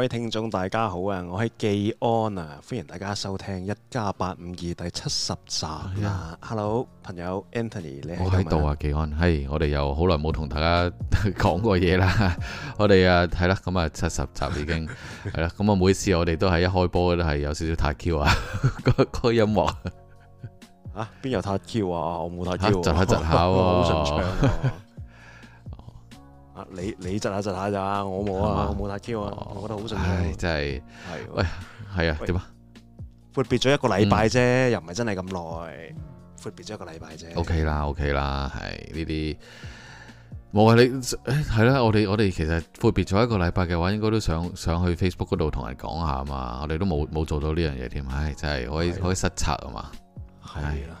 各位聽眾大家好啊，我係紀安啊，歡迎大家收聽一家八五二第七十集啊。Hello，朋友 Anthony 咧，我喺度啊，紀安，係我哋又好耐冇同大家講過嘢啦。我哋啊係啦，咁啊七十集已經係啦，咁啊每次我哋都係一開波都係有少少太 Q 啊，個音樂啊，邊有太 Q 啊？我冇太 Q 一窒下好順暢喎。你你窒下窒下咋？我冇啊，我冇打 Q 啊，我，啊我覺得好正。真係，係喂，係啊，點啊？闊別咗一個禮拜啫，mm. 又唔係真係咁耐，闊別咗一個禮拜啫。OK 啦，OK 啦，係呢啲冇啊。你誒係啦，我哋我哋其實闊別咗一個禮拜嘅話，應該都想上去 Facebook 嗰度同人講下啊嘛。我哋都冇冇做到呢樣嘢添，唉、哎，真係可以的可以失策啊嘛，係啊。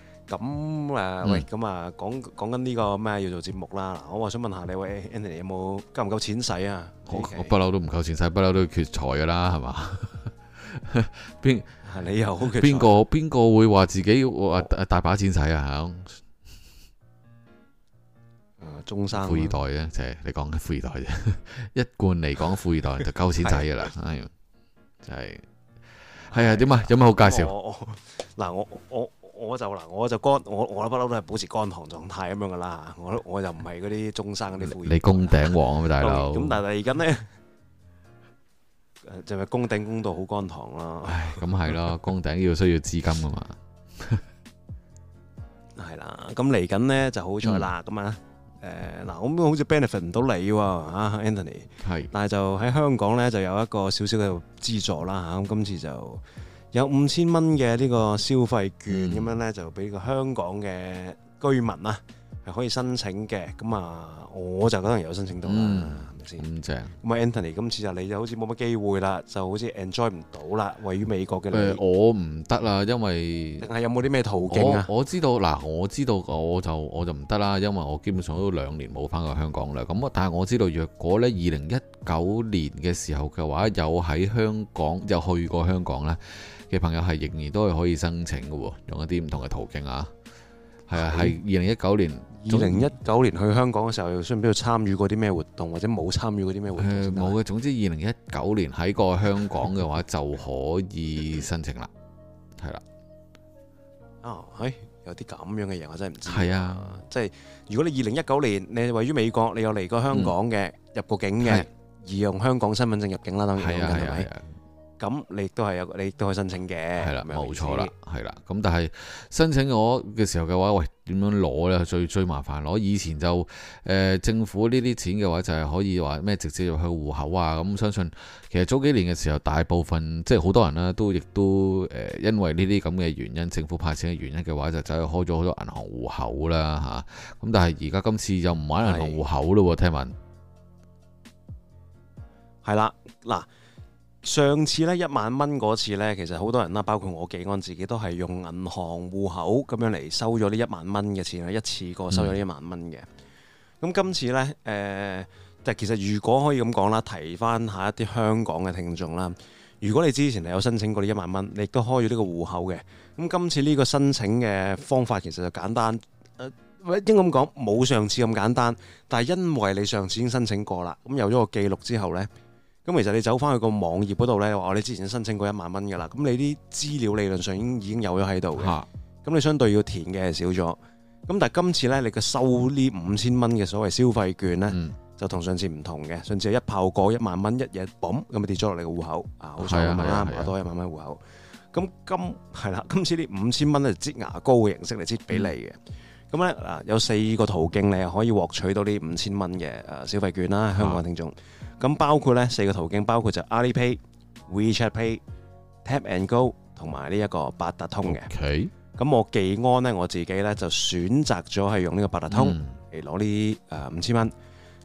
咁誒，喂，咁啊，講講緊呢個咩，要做節目啦。我話想問下你，喂，Andy 有冇夠唔夠錢使啊？我不嬲都唔夠錢使，不嬲都要缺財噶啦，係嘛？邊你又？邊個邊個會話自己大把錢使啊？啊，中山富二代嘅就係你講嘅富二代啫，一貫嚟講富二代就夠錢仔噶啦，係，係係啊？點啊？有咩好介紹？嗱，我我。我就嗱，我就乾，我我不嬲都係保持乾塘狀態咁樣噶啦，我我就唔係嗰啲中生啲你攻頂王啊，大佬。咁 但係而家呢，就係、是、攻頂攻到好乾塘啦。唉，咁係咯，攻頂要需要資金噶嘛。係 啦，咁嚟緊呢就、嗯呃、好彩啦、啊，咁啊誒嗱，咁好似 benefit 唔到你喎 Anthony 係，但係就喺香港呢，就有一個少少嘅資助啦嚇，咁、嗯、今次就。有五千蚊嘅呢個消費券咁咧，就俾香港嘅居民啦、啊。係可以申請嘅，咁啊，我就可能有申請到啦，係咪先？嗯、咁正。咁啊，Anthony，今次就你就好似冇乜機會啦，就好似 enjoy 唔到啦。位於美國嘅你、呃、我唔得啦，因為定係有冇啲咩途徑啊？我知道嗱，我知道我就我就唔得啦，因為我基本上都兩年冇翻過香港啦。咁但係我知道若果呢，二零一九年嘅時候嘅話，有喺香港有去過香港呢，嘅朋友係仍然都係可以申請嘅喎，用一啲唔同嘅途徑啊。係啊，喺二零一九年。二零一九年去香港嘅時候，又需唔需要參與過啲咩活動，或者冇參與過啲咩活動？誒冇嘅，總之二零一九年喺過香港嘅話，就可以申請啦，係啦。啊，係有啲咁樣嘅嘢，我真係唔知。係啊，即係如果你二零一九年你位於美國，你有嚟過香港嘅入過境嘅，而用香港身份證入境啦，等於係咪？咁你都係有，你都可以申請嘅。係啦，冇錯啦，係啦。咁但係申請我嘅時候嘅話，喂。點樣攞呢？最最麻煩攞以前就誒、呃、政府呢啲錢嘅話就係可以話咩直接入去戶口啊，咁、嗯、相信其實早幾年嘅時候，大部分即係好多人啦都亦都，誒因為呢啲咁嘅原因，政府派錢嘅原因嘅話就走去開咗好多銀行戶口啦，嚇咁但係而家今次又唔買銀行戶口咯喎的聽聞係啦嗱。上次呢，一萬蚊嗰次呢，其實好多人啦，包括我紀安自己都係用銀行戶口咁樣嚟收咗呢一萬蚊嘅錢啦，一次過收咗、嗯、呢一萬蚊嘅。咁今次呢，誒，但其實如果可以咁講啦，提翻下一啲香港嘅聽眾啦，如果你之前係有申請過呢一萬蚊，你都開咗呢個戶口嘅。咁今次呢個申請嘅方法其實就簡單，誒、呃，應咁講冇上次咁簡單，但係因為你上次已經申請過啦，咁有咗個記錄之後呢。咁其實你走翻去個網頁嗰度咧，話我哋之前申請過一萬蚊噶啦，咁你啲資料理論上已經已經有咗喺度嘅，咁你相對要填嘅少咗。咁但係今次咧，你嘅收呢五千蚊嘅所謂消費券咧，嗯、就同上次唔同嘅。上次係一炮過一萬蚊，一嘢嘣咁咪跌咗落你嘅戶口、嗯、啊，好彩啦，攞、啊啊、多一萬蚊戶口。咁今係啦、啊，今次呢五千蚊係擠牙膏嘅形式嚟擠俾你嘅。嗯咁咧嗱，有四個途徑你係可以獲取到呢五千蚊嘅誒消費券啦，香港嘅聽眾。咁、啊、包括咧四個途徑，包括就 Alipay、WeChat Pay We、Tap and Go 同埋呢一個八達通嘅。咁 Okay. 我記安咧，我自己咧就選擇咗係用呢個八達通嚟攞呢誒五千蚊。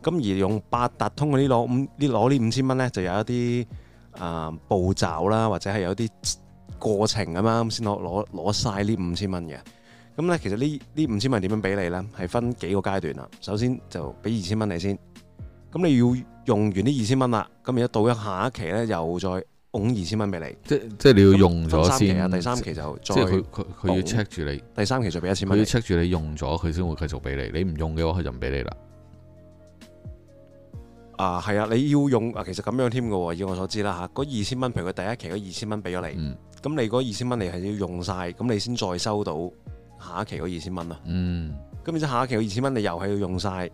咁、嗯、而用八達通嗰啲攞，咁啲攞呢五千蚊咧，就有一啲誒、呃、步驟啦，或者係有啲過程噉樣，先攞攞攞曬呢五千蚊嘅。咁咧，其實呢呢五千蚊點樣俾你咧？係分幾個階段啊？首先就俾二千蚊你先，咁你要用完呢二千蚊啦，咁而家到咗下一期咧，又再攬二千蚊俾你。即即係你要用咗先。分三期，第三期就再。即係佢佢要 check 住你。第三期就俾一千蚊。佢要 check 住你用咗，佢先會繼續俾你。你唔用嘅話，佢就唔俾你啦。啊，係啊，你要用啊，其實咁樣添嘅。以我所知啦嚇，嗰二千蚊，譬如佢第一期嗰二千蚊俾咗你，咁、嗯、你嗰二千蚊你係要用晒。咁你先再收到。下一期嗰二千蚊啦，嗯，咁然之後下一期嗰二千蚊你又係要用晒，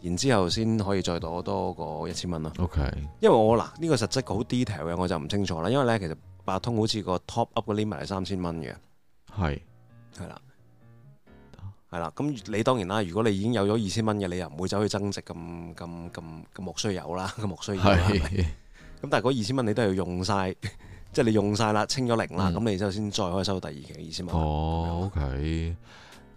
然之後先可以再攞多過一千蚊啦。OK，因為我嗱呢個實質好 detail 嘅，我就唔清楚啦。因為咧，其實八通好似個 top up 嘅 limit 係三千蚊嘅，係係啦，係啦。咁你當然啦，啊，如果你已經有咗二千蚊嘅，你又唔會走去增值咁咁咁咁冇需要啦，咁冇需要。係咁，但係嗰二千蚊你都要用晒。即係你用晒啦，清咗零啦，咁、嗯、你之後先再可以收到第二期嘅意思嘛？哦吧，OK，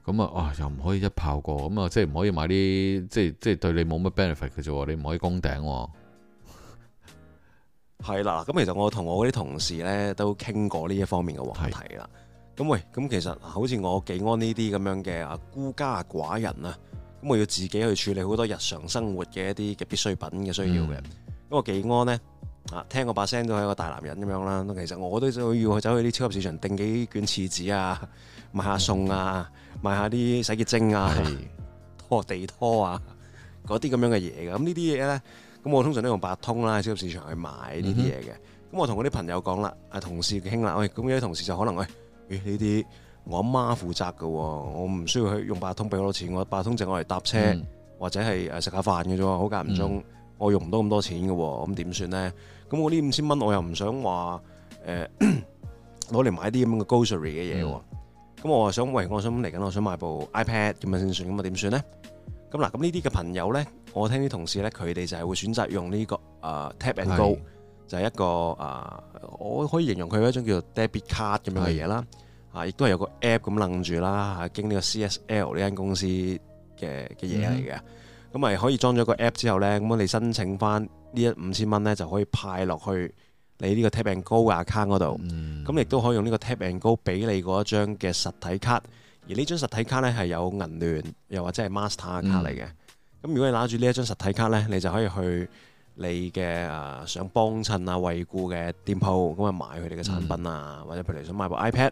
咁啊，哇，又唔可以一炮過，咁啊，即係唔可以買啲，即係即係對你冇乜 benefit 嘅啫喎，你唔可以攻頂喎、哦。係啦， 咁其實我同我啲同事咧都傾過呢一方面嘅話題啦。咁是喂，咁其實好似我紀安呢啲咁樣嘅孤家寡人啊，咁我要自己去處理好多日常生活嘅一啲嘅必需品嘅需要嘅、嗯。咁我紀安呢？啊，聽我把聲都係一個大男人咁樣啦。其實我都要去走去啲超級市場定幾卷廁紙啊，買下餸啊，買下啲洗潔精啊、 拖地拖啊，嗰啲咁樣嘅嘢嘅。咁、嗯嗯、呢啲嘢咧，咁我通常都用八達通啦，喺超級市場去買呢啲嘢嘅。咁我同嗰啲朋友講啦，啊同事傾啦，喂、哎，咁有啲同事就可能喂，咦呢啲我阿媽，媽負責嘅喎，我唔需要去用八達通俾我多錢，我八達通淨我嚟搭車、嗯、或者係誒食下飯嘅啫，好間唔中我用唔到咁多錢嘅喎，咁點算咧？咁我呢五千蚊我又唔想話誒攞嚟買啲咁樣嘅 grocery 嘅嘢喎，咁我又想，喂，我想嚟緊，我想買部 iPad 咁樣先算，咁啊點算咧？咁嗱，咁呢啲嘅朋友咧，我聽啲同事咧，佢哋就係會選擇用呢個啊 tap and go，就係一個啊，我可以形容佢係一種叫做 debit card 咁樣嘅嘢啦，啊，亦都係有個 app 咁楞住啦，經呢個 CSL 呢間公司嘅嘅嘢嚟嘅，咁咪可以裝咗個 app 之後咧，咁你申請翻。呢一五千蚊咧，就可以派落去你呢個 Tap and Go account 嗰度。咁亦都可以用呢個 Tap and Go 俾你嗰一張嘅實體卡。而呢張實體卡咧係有銀聯又或者係 Master 卡嚟嘅。咁、嗯、如果你攞住呢一張實體卡咧，你就可以去你嘅誒、呃、想幫襯啊、惠顧嘅店鋪咁啊買佢哋嘅產品啊，嗯、或者譬如想買部 iPad，咁、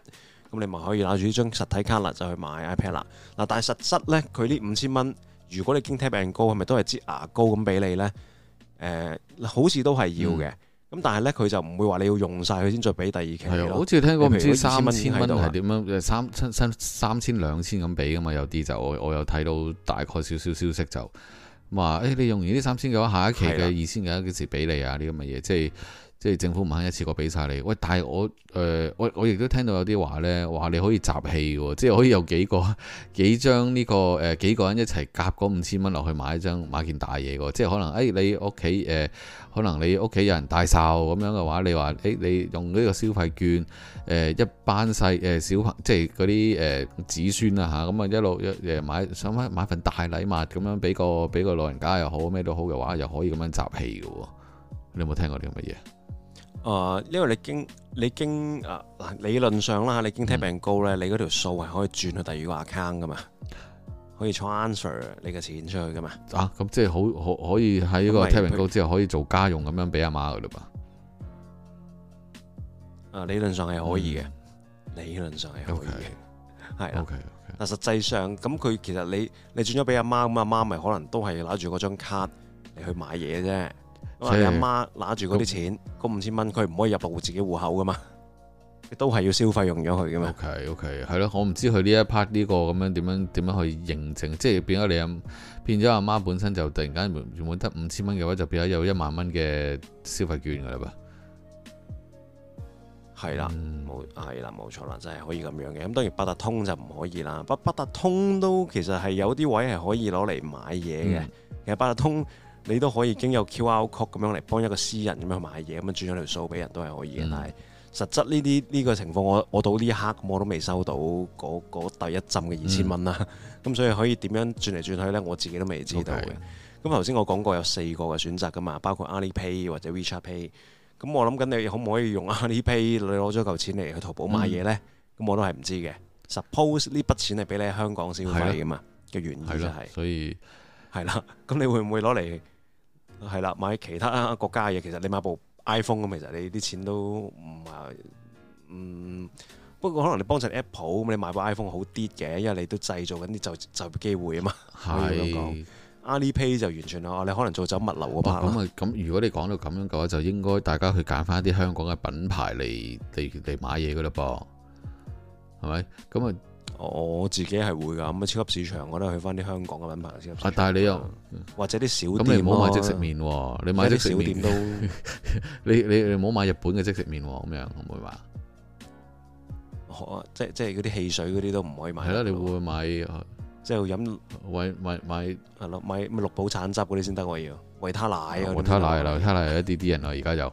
嗯、你咪可以攞住呢張實體卡啦就去買 iPad 啦。嗱，但係實質咧，佢呢五千蚊，如果你經 Tap and Go 係咪都係支牙膏咁俾你咧？誒，好似都係要嘅，咁、 嗯、但係咧佢就唔會話你要用晒佢先再俾第二期。好似聽講唔知三千蚊係點樣，三三三千兩千咁俾噶嘛？有啲就我我有睇到大概少少消息就，咁話、哎、你用完呢三千嘅話，下一期嘅二千幾幾時俾你啊？呢咁嘅嘢即係。即係政府唔肯一次過俾晒你，喂！但係我誒，喂、呃，我亦都聽到有啲話呢。話你可以集氣嘅，即係可以有幾個幾張呢個誒、呃、幾個人一齊夾嗰五千蚊落去買一張買一件大嘢嘅，即係可能誒、哎、你屋企誒可能你屋企有人大壽咁樣嘅話，你話誒、哎、你用呢個消費券誒、呃、一班細誒、呃、小朋即係嗰啲誒子孫啊吓，咁啊一路誒、呃、買想買買份大禮物咁樣俾個俾個老人家又好咩都好嘅話，又可以咁樣集氣嘅，你有冇聽過啲咁嘅嘢？誒，uh, 因為你經你經誒嗱、啊，理論上啦，你經 t i p p 高 Tap and Go 咧，你嗰條數係可以轉去第二個 account 噶嘛，嗯、可以 transfer 你嘅錢出去噶嘛？啊，咁即係好可可以喺個 Tap and Go 之後可以做家用咁樣俾阿媽噶啦嘛？誒、啊，理論上係可以嘅，嗯、理論上係可以嘅，係啦。但係實際上咁，佢其實你你轉咗俾阿媽，咁阿媽咪可能都係拿住嗰張卡嚟去買嘢啫。我阿媽拿住嗰啲錢，嗰五千蚊，佢唔可以入到自己戶口噶嘛？都係要消費用咗佢噶嘛？O K O K，係咯，我唔知佢呢一 part 呢個咁樣點樣點樣去認證，即係變咗你阿變咗阿媽本身就突然間原本得五千蚊嘅話，就變咗有一萬蚊嘅消費券噶啦噃。係啦的，冇係啦，冇錯啦，真係可以咁樣嘅。咁當然八達通就唔可以啦，八八達通都其實係有啲位係可以攞嚟買嘢嘅。嗯、其實八達通。你都可以經由 QR code 咁樣嚟幫一個私人咁樣去買嘢，咁樣轉咗條數俾人都係可以嘅。嗯、但係實質呢啲呢個情況我，我我到呢一刻我都未收到嗰、那個、第一陣嘅二千蚊啦。咁、嗯、 所以可以點樣轉嚟轉去呢？我自己都未知道嘅。咁頭先我講過有四個嘅選擇噶嘛，包括 Alipay 或者 WeChat Pay。咁我諗緊你可唔可以用 Alipay 你攞咗嚿錢嚟去淘寶買嘢呢？咁、嗯、我都係唔知嘅。Suppose 呢筆錢係俾你喺香港消費噶嘛嘅了原意就係、是，所以係啦。咁你會唔會攞嚟？係啦，買其他國家嘅嘢，其實你買部 iPhone 咁，其實你啲錢都唔係嗯，不過，可能你幫襯 Apple 咁，你買部 iPhone 好啲嘅，因為你都製造緊啲就就，就業機會啊嘛。係咁講是。是 Alipay 就完全你可能做走物流嘅吧咁啊。咁、哦、如果你講到咁樣嘅話，就應該大家去揀翻啲香港嘅品牌嚟嚟嚟買嘢噶啦噃，係咪咁啊？我自己係會㗎，咁啊超級市場我都去翻啲香港嘅品牌超級，但係你又或者啲小店，你唔好買即食麵喎，你買啲小店都，你你唔好買日本嘅即食麵喎，咁樣唔會嘛？我即即係嗰啲汽水嗰啲都唔可以買。係咯，你會買即係飲買買買係咯，買綠寶橙汁嗰啲先得，我要維他奶。維他奶啦，維他奶有一啲啲人啊，而家又，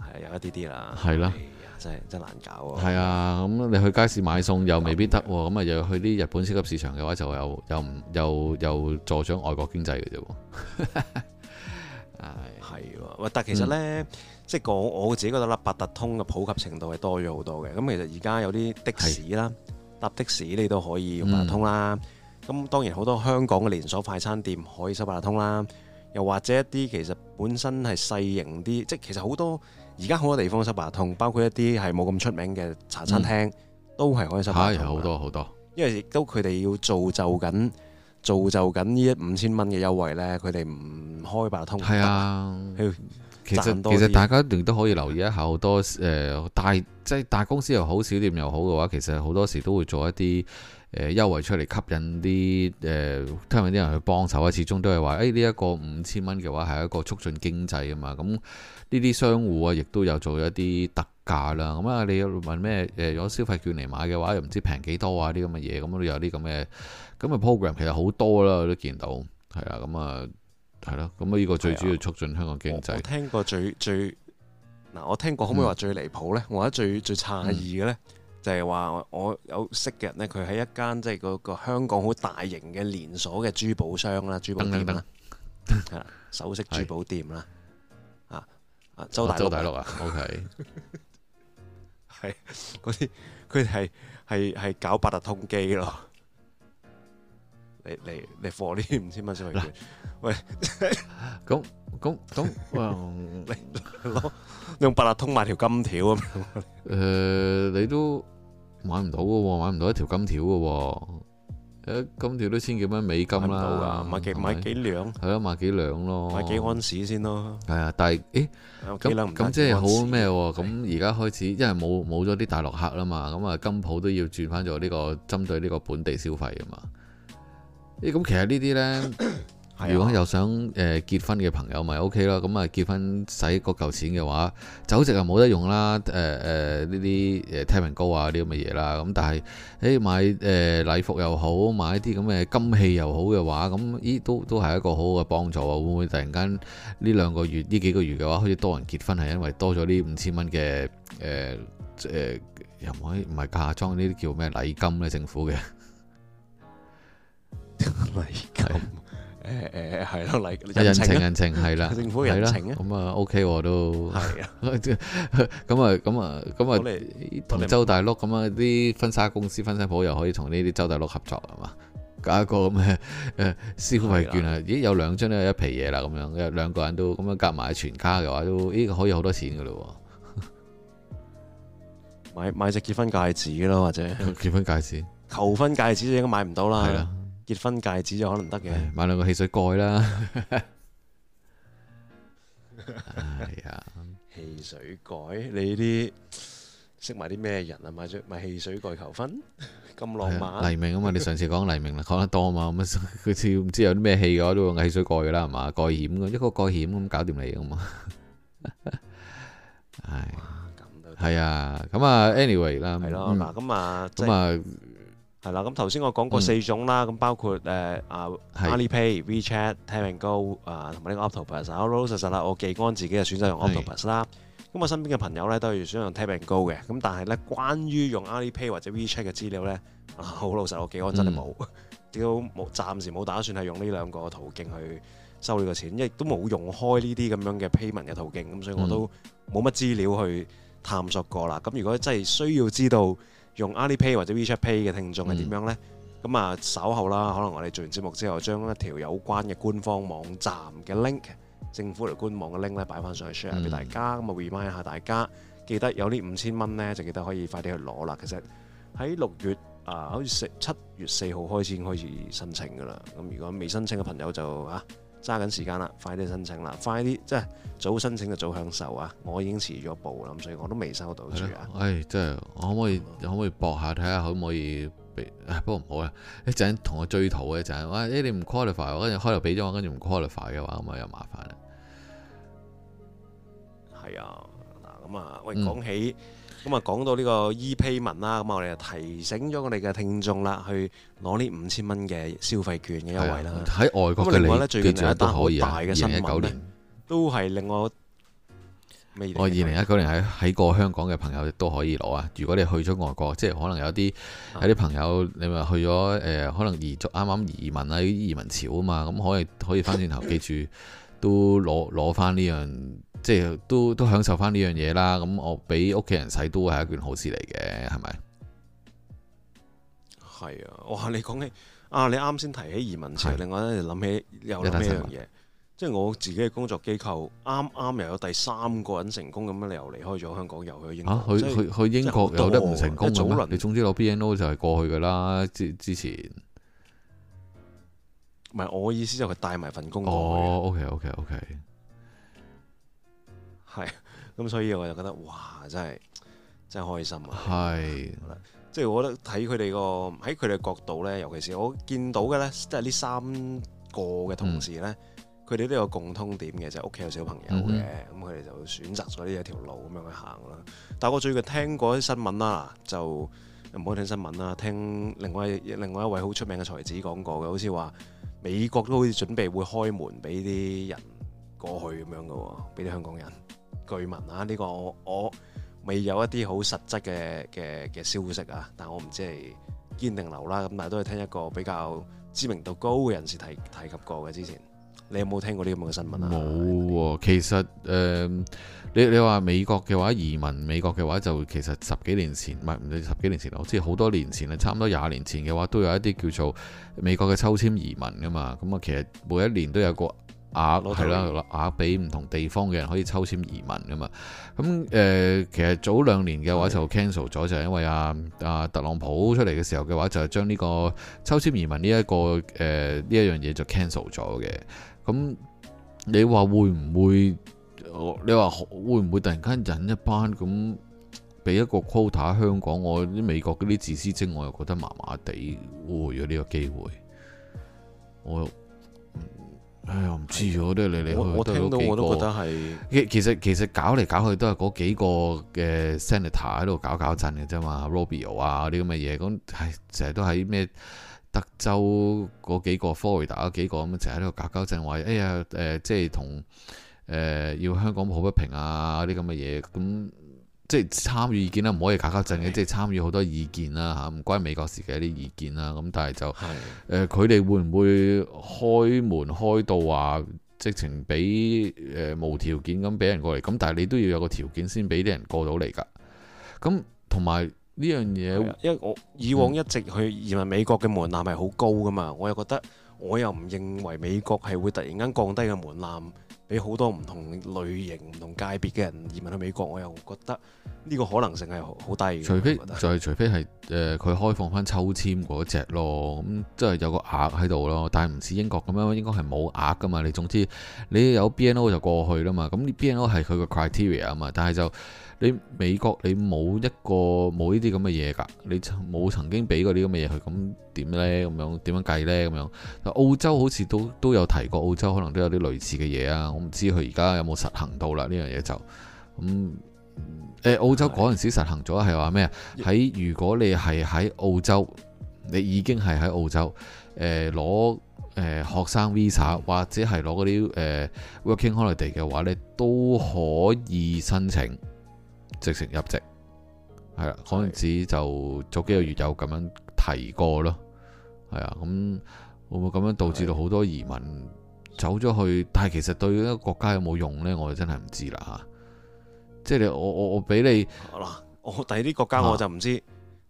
係有一啲啲啦。係啦。真係真難搞喎！係啊，咁你去街市買餸又未必得喎，咁啊、嗯哦、又去啲日本超級市場嘅話就又又唔又又助長外國經濟嘅啫喎。係喎，喂！但其實呢，嗯、即係我我自己覺得八達通嘅普及程度係多咗好多嘅。咁其實而家有啲的士啦，搭是的士你都可以用八達通啦。咁、嗯、當然好多香港嘅連鎖快餐店可以收八達通啦，又或者一啲其實本身係細型啲，即係其實好多。而家好多地方收八通，包括一啲係冇咁出名嘅茶餐廳，嗯、都係可以收八通。係，好多好多，多因為亦都佢哋要造就緊，造就緊呢一五千蚊嘅優惠呢，佢哋唔開八通係啊。其實大家一定都可以留意一下，好多誒、呃、大即係、就是、大公司又好，小店又好嘅話，其實好多時都會做一啲誒優惠出嚟，吸引啲誒、呃、聽聞啲人去幫手啊。始終都係、哎這個、話，誒呢一個五千蚊嘅話，係一個促進經濟啊嘛，咁、嗯。嗯呢啲商戶啊，亦都有做一啲特價啦。咁啊，你問咩？誒，攞消費券嚟買嘅話，又唔知平幾多啊？啲咁嘅嘢，咁都有啲咁嘅咁嘅 program，其實好多啦，我都見到係啊，咁啊，係咯。咁啊，呢個最主要促進香港經濟。我，我聽過最最嗱，我聽過可唔可以話最離譜呢？嗯、或者最最詫異嘅呢，就係、係、話我有識嘅人呢，佢喺一間即係嗰個香港好大型嘅連鎖嘅珠寶商啦，珠寶店啦，首飾、嗯、珠寶店啦。 啊，周大周大六啊，OK，係嗰啲佢哋係係係搞八達通機咯，你你你貨呢五千蚊先為佢，喂，咁咁咁用，用八達通買條金條咁樣，誒，你都買唔到嘅喎，買唔到一條金條嘅喎。誒金條都千幾蚊美金啦，買幾買幾兩？係咯，買幾兩咯？買幾安士先咯？係啊，但係誒，咁即係好咩喎？咁而家開始，因為冇冇咗啲大陸客啦嘛，咁啊金鋪都要轉翻咗呢個針對呢個本地消費啊嘛。咁、欸、其實呢啲咧。 如果又想誒結婚嘅朋友咪 O K 啦，咁啊結婚使嗰嚿錢嘅話，酒席又冇得用啦，誒誒呢啲誒廳面高啊啲咁嘅嘢啦，咁、呃、但係誒、欸、買誒、呃、禮服又好，買啲咁嘅金器又好嘅話，咁咦，都都係一個好好嘅幫助啊！會唔會突然間呢兩個月呢幾個月嘅話，好似多人結婚係因為多咗呢五千蚊嘅誒誒，又唔可唔係嫁妝呢啲叫咩禮金咧？政府嘅 禮金。誒誒係咯，人情人情係啦， 政府人情，咁啊 OK 喎，都係啊，咁啊咁啊咁啊，同周大碌咁啊，啲婚紗公司婚紗鋪又可以同呢啲周大碌合作係嘛？搞一個咁嘅誒消費券啊，咦有兩張都有一皮嘢啦咁樣，兩兩個人都咁樣夾埋全卡嘅話都咦、哎、可以好多錢嘅咯喎，買買隻結婚戒指咯，或者結婚戒指、求婚戒指就 戒 應該買唔到啦。結婚戒指有可能得嘅，買兩個汽水蓋啦。係啊，汽水蓋，你啲識埋啲咩人啊？買咗買汽水蓋求婚，咁浪漫。黎明啊嘛，你上次講黎明啦，講得多啊嘛。咁啊，好似唔知有啲咩戲嘅話，都用汽水蓋啦，係嘛？蓋險嘅一個蓋險咁搞掂你啊嘛。係。係啊，咁啊，Anyway 啦，係咯。嗱，咁啊，咁啊。係啦，咁頭先我講過四種啦，咁包括誒啊，Alipay、WeChat、嗯、Tap and Go opus, opus, 是啊，同埋呢個 Octopus 老老實實啦，我記干自己係選擇用 Octopus 啦。咁我身邊嘅朋友咧都係選擇用 Tap and Go 嘅。咁但係咧，關於用 Alipay 或者 WeChat 嘅資料咧、啊，好老實，我記干真係冇，都冇暫時冇打算係用呢兩個途徑去收呢個錢，亦都冇用開呢啲咁樣嘅 payment 嘅途徑，咁所以我都冇乜資料去探索過啦。咁如果真係需要知道。用 Alipay 或者 WeChat Pay 嘅聽眾係點樣呢？咁、嗯、啊，稍後啦，可能我哋做完節目之後，將一條有關嘅官方網站嘅 link，政府嚟官網嘅 link 咧，擺翻上去 share 俾大家。咁啊，remind 下大家記得有呢五千蚊呢，就記得可以快啲去攞啦。其實喺六月啊，好似七月四號開始已經開始申請噶啦。咁如果未申請嘅朋友就嚇，啊揸緊時間啦，快啲申請啦，快啲，即係早申請就早享受啊！我已經遲咗步啦，咁所以我都未收到住啊。唉，即係我可唔可以、嗯、可唔可以搏下睇下可唔可以俾？不過唔好啊！一陣同我追討嘅一陣，哇、哎！你唔 qualify，跟住開頭俾咗我，跟住唔 qualify 嘅話，咁啊又麻煩啦。係啊，嗱咁啊，喂，講起。嗯咁啊，講到呢個 ePayment 啦，咁我哋提醒咗我哋嘅聽眾啦，去攞呢五千蚊嘅消費券嘅優惠啦。喺外國嘅嚟講咧，最近有一單好大嘅新聞咧、啊，都係另外。我二零一九年喺喺過香港嘅朋友亦都可以攞啊。如果你去咗外國，即係可能有啲、啊、有啲朋友，你咪去咗誒，可能移民啱啱移民啦，移民潮啊嘛，咁可以可以翻轉頭記住 都攞攞翻呢樣。即係都都享受翻呢樣嘢啦，咁、嗯、我俾屋企人使都係一件好事嚟嘅，係咪？係啊，哇！你講起啊，你啱先提起移民潮，是另外咧就諗起有另一樣嘢個，即係我自己嘅工作機構啱啱又有第三個人成功咁樣又離開咗香港，又去英國、啊、是去去，去，去英國有得唔成功嘅咩？早輪你總之攞 BNO 就係過去噶啦，之之前。唔係我意思就係帶埋份工。哦，OK，OK，OK。係咁，所以我就覺得哇，真係真係開心啊！係是即係，我覺得睇佢哋個喺佢哋角度呢，尤其是我見到嘅呢，即係呢三個嘅同事呢，佢哋、嗯、都有共通點嘅，就係屋、是、企有小朋友嘅咁，佢哋、嗯、就選擇咗呢一條路咁樣去行啦。但係我最近聽過啲新聞啦、啊，就唔好聽新聞啦、啊，聽另外另外一位好出名嘅才子講過嘅，好似話美國都好似準備會開門俾啲人過去咁樣嘅，俾啲香港人。據聞啊，呢個我我未有一啲好實質嘅嘅嘅消息啊，但我唔知係堅定流啦，咁但係都係聽一個比較知名度高嘅人士提提及過嘅。之前你有冇聽過呢咁嘅新聞啊？冇喎、哦，其實誒、呃，你你話美國嘅話移民美國嘅話，就其實十幾年前，唔係唔係十幾年前，我知好多年前啦，差唔多廿年前嘅話，都有一啲叫做美國嘅抽籤移民噶嘛。咁啊，其實每一年都有個。額係啦，額俾唔同地方嘅人可以抽籤移民噶嘛。咁、嗯、誒、呃，其實早兩年嘅話就 cancel 咗，就係的因為阿、啊、阿、啊、特朗普出嚟嘅時候嘅話，就係將呢個抽籤移民呢、這、一個誒呢一樣嘢就 cancel 咗嘅。咁、嗯、你話會唔會？你話會唔會突然間引一班咁俾一個 quota 香港？我啲美國嗰啲自私精，我又覺得麻麻地會有呢個機會，我。哎呀，唔知啊，我，唉我都嚟嚟去去都係嗰幾個。我我聽到我都覺得係。其其實其實搞嚟搞去都係嗰幾個嘅 Senator 喺度搞搞震嘅啫嘛，Rubio 啊啲咁嘅嘢，咁係成日都喺咩德州嗰幾個 Florida 嗰幾個咁樣成日喺度搞搞震，話哎呀誒、呃，即係同誒要香港抱不平啊啲咁嘅嘢咁。即係參與意見啦，唔可以搞搞震嘅，的即係參與好多意見啦嚇，唔關美國事嘅一啲意見啦。咁但係就誒，佢哋的、呃、會唔會開門開到話直情俾誒無條件咁俾人過嚟？咁但係你都要有個條件先俾啲人過到嚟㗎。咁同埋呢樣嘢，因為我以往一直去移民美國嘅門檻係好高㗎嘛，我又覺得我又唔認為美國係會突然間降低個門檻。俾好多唔同類型、唔同界別嘅人移民去美國，我又覺得呢個可能性係好低。除非我覺得就係除非係誒佢開放翻抽籤嗰隻咯，咁即係有個額喺度咯。但係唔似英國咁樣，應該係冇額噶嘛。你總之你有 BNO 就過去啦嘛。咁 BNO 係佢個 criteria 啊嘛，但係就。你美國你冇一個冇呢啲咁嘅嘢㗎，你冇曾經俾過呢啲咁嘅嘢佢，咁點呢？咁樣點樣計呢？咁樣。澳洲好似都都有提過，澳洲可能都有啲類似嘅嘢啊。我唔知佢而家有冇實行到啦呢樣嘢就咁、嗯欸。澳洲嗰陣時實行咗係話咩？喺如果你係喺澳洲，你已經係喺澳洲誒攞誒學生 visa 或者係攞嗰啲誒 working holiday 嘅話咧，你都可以申請。直情入籍，係啦，嗰陣的時就早幾個月有咁樣提過咯，係啊，咁會唔會咁樣導致到好多移民走咗去？的但係其實對於一個國家有冇用呢？我哋真係唔知啦吓。即係你，我我我俾你，我第啲國家我就唔知，啊、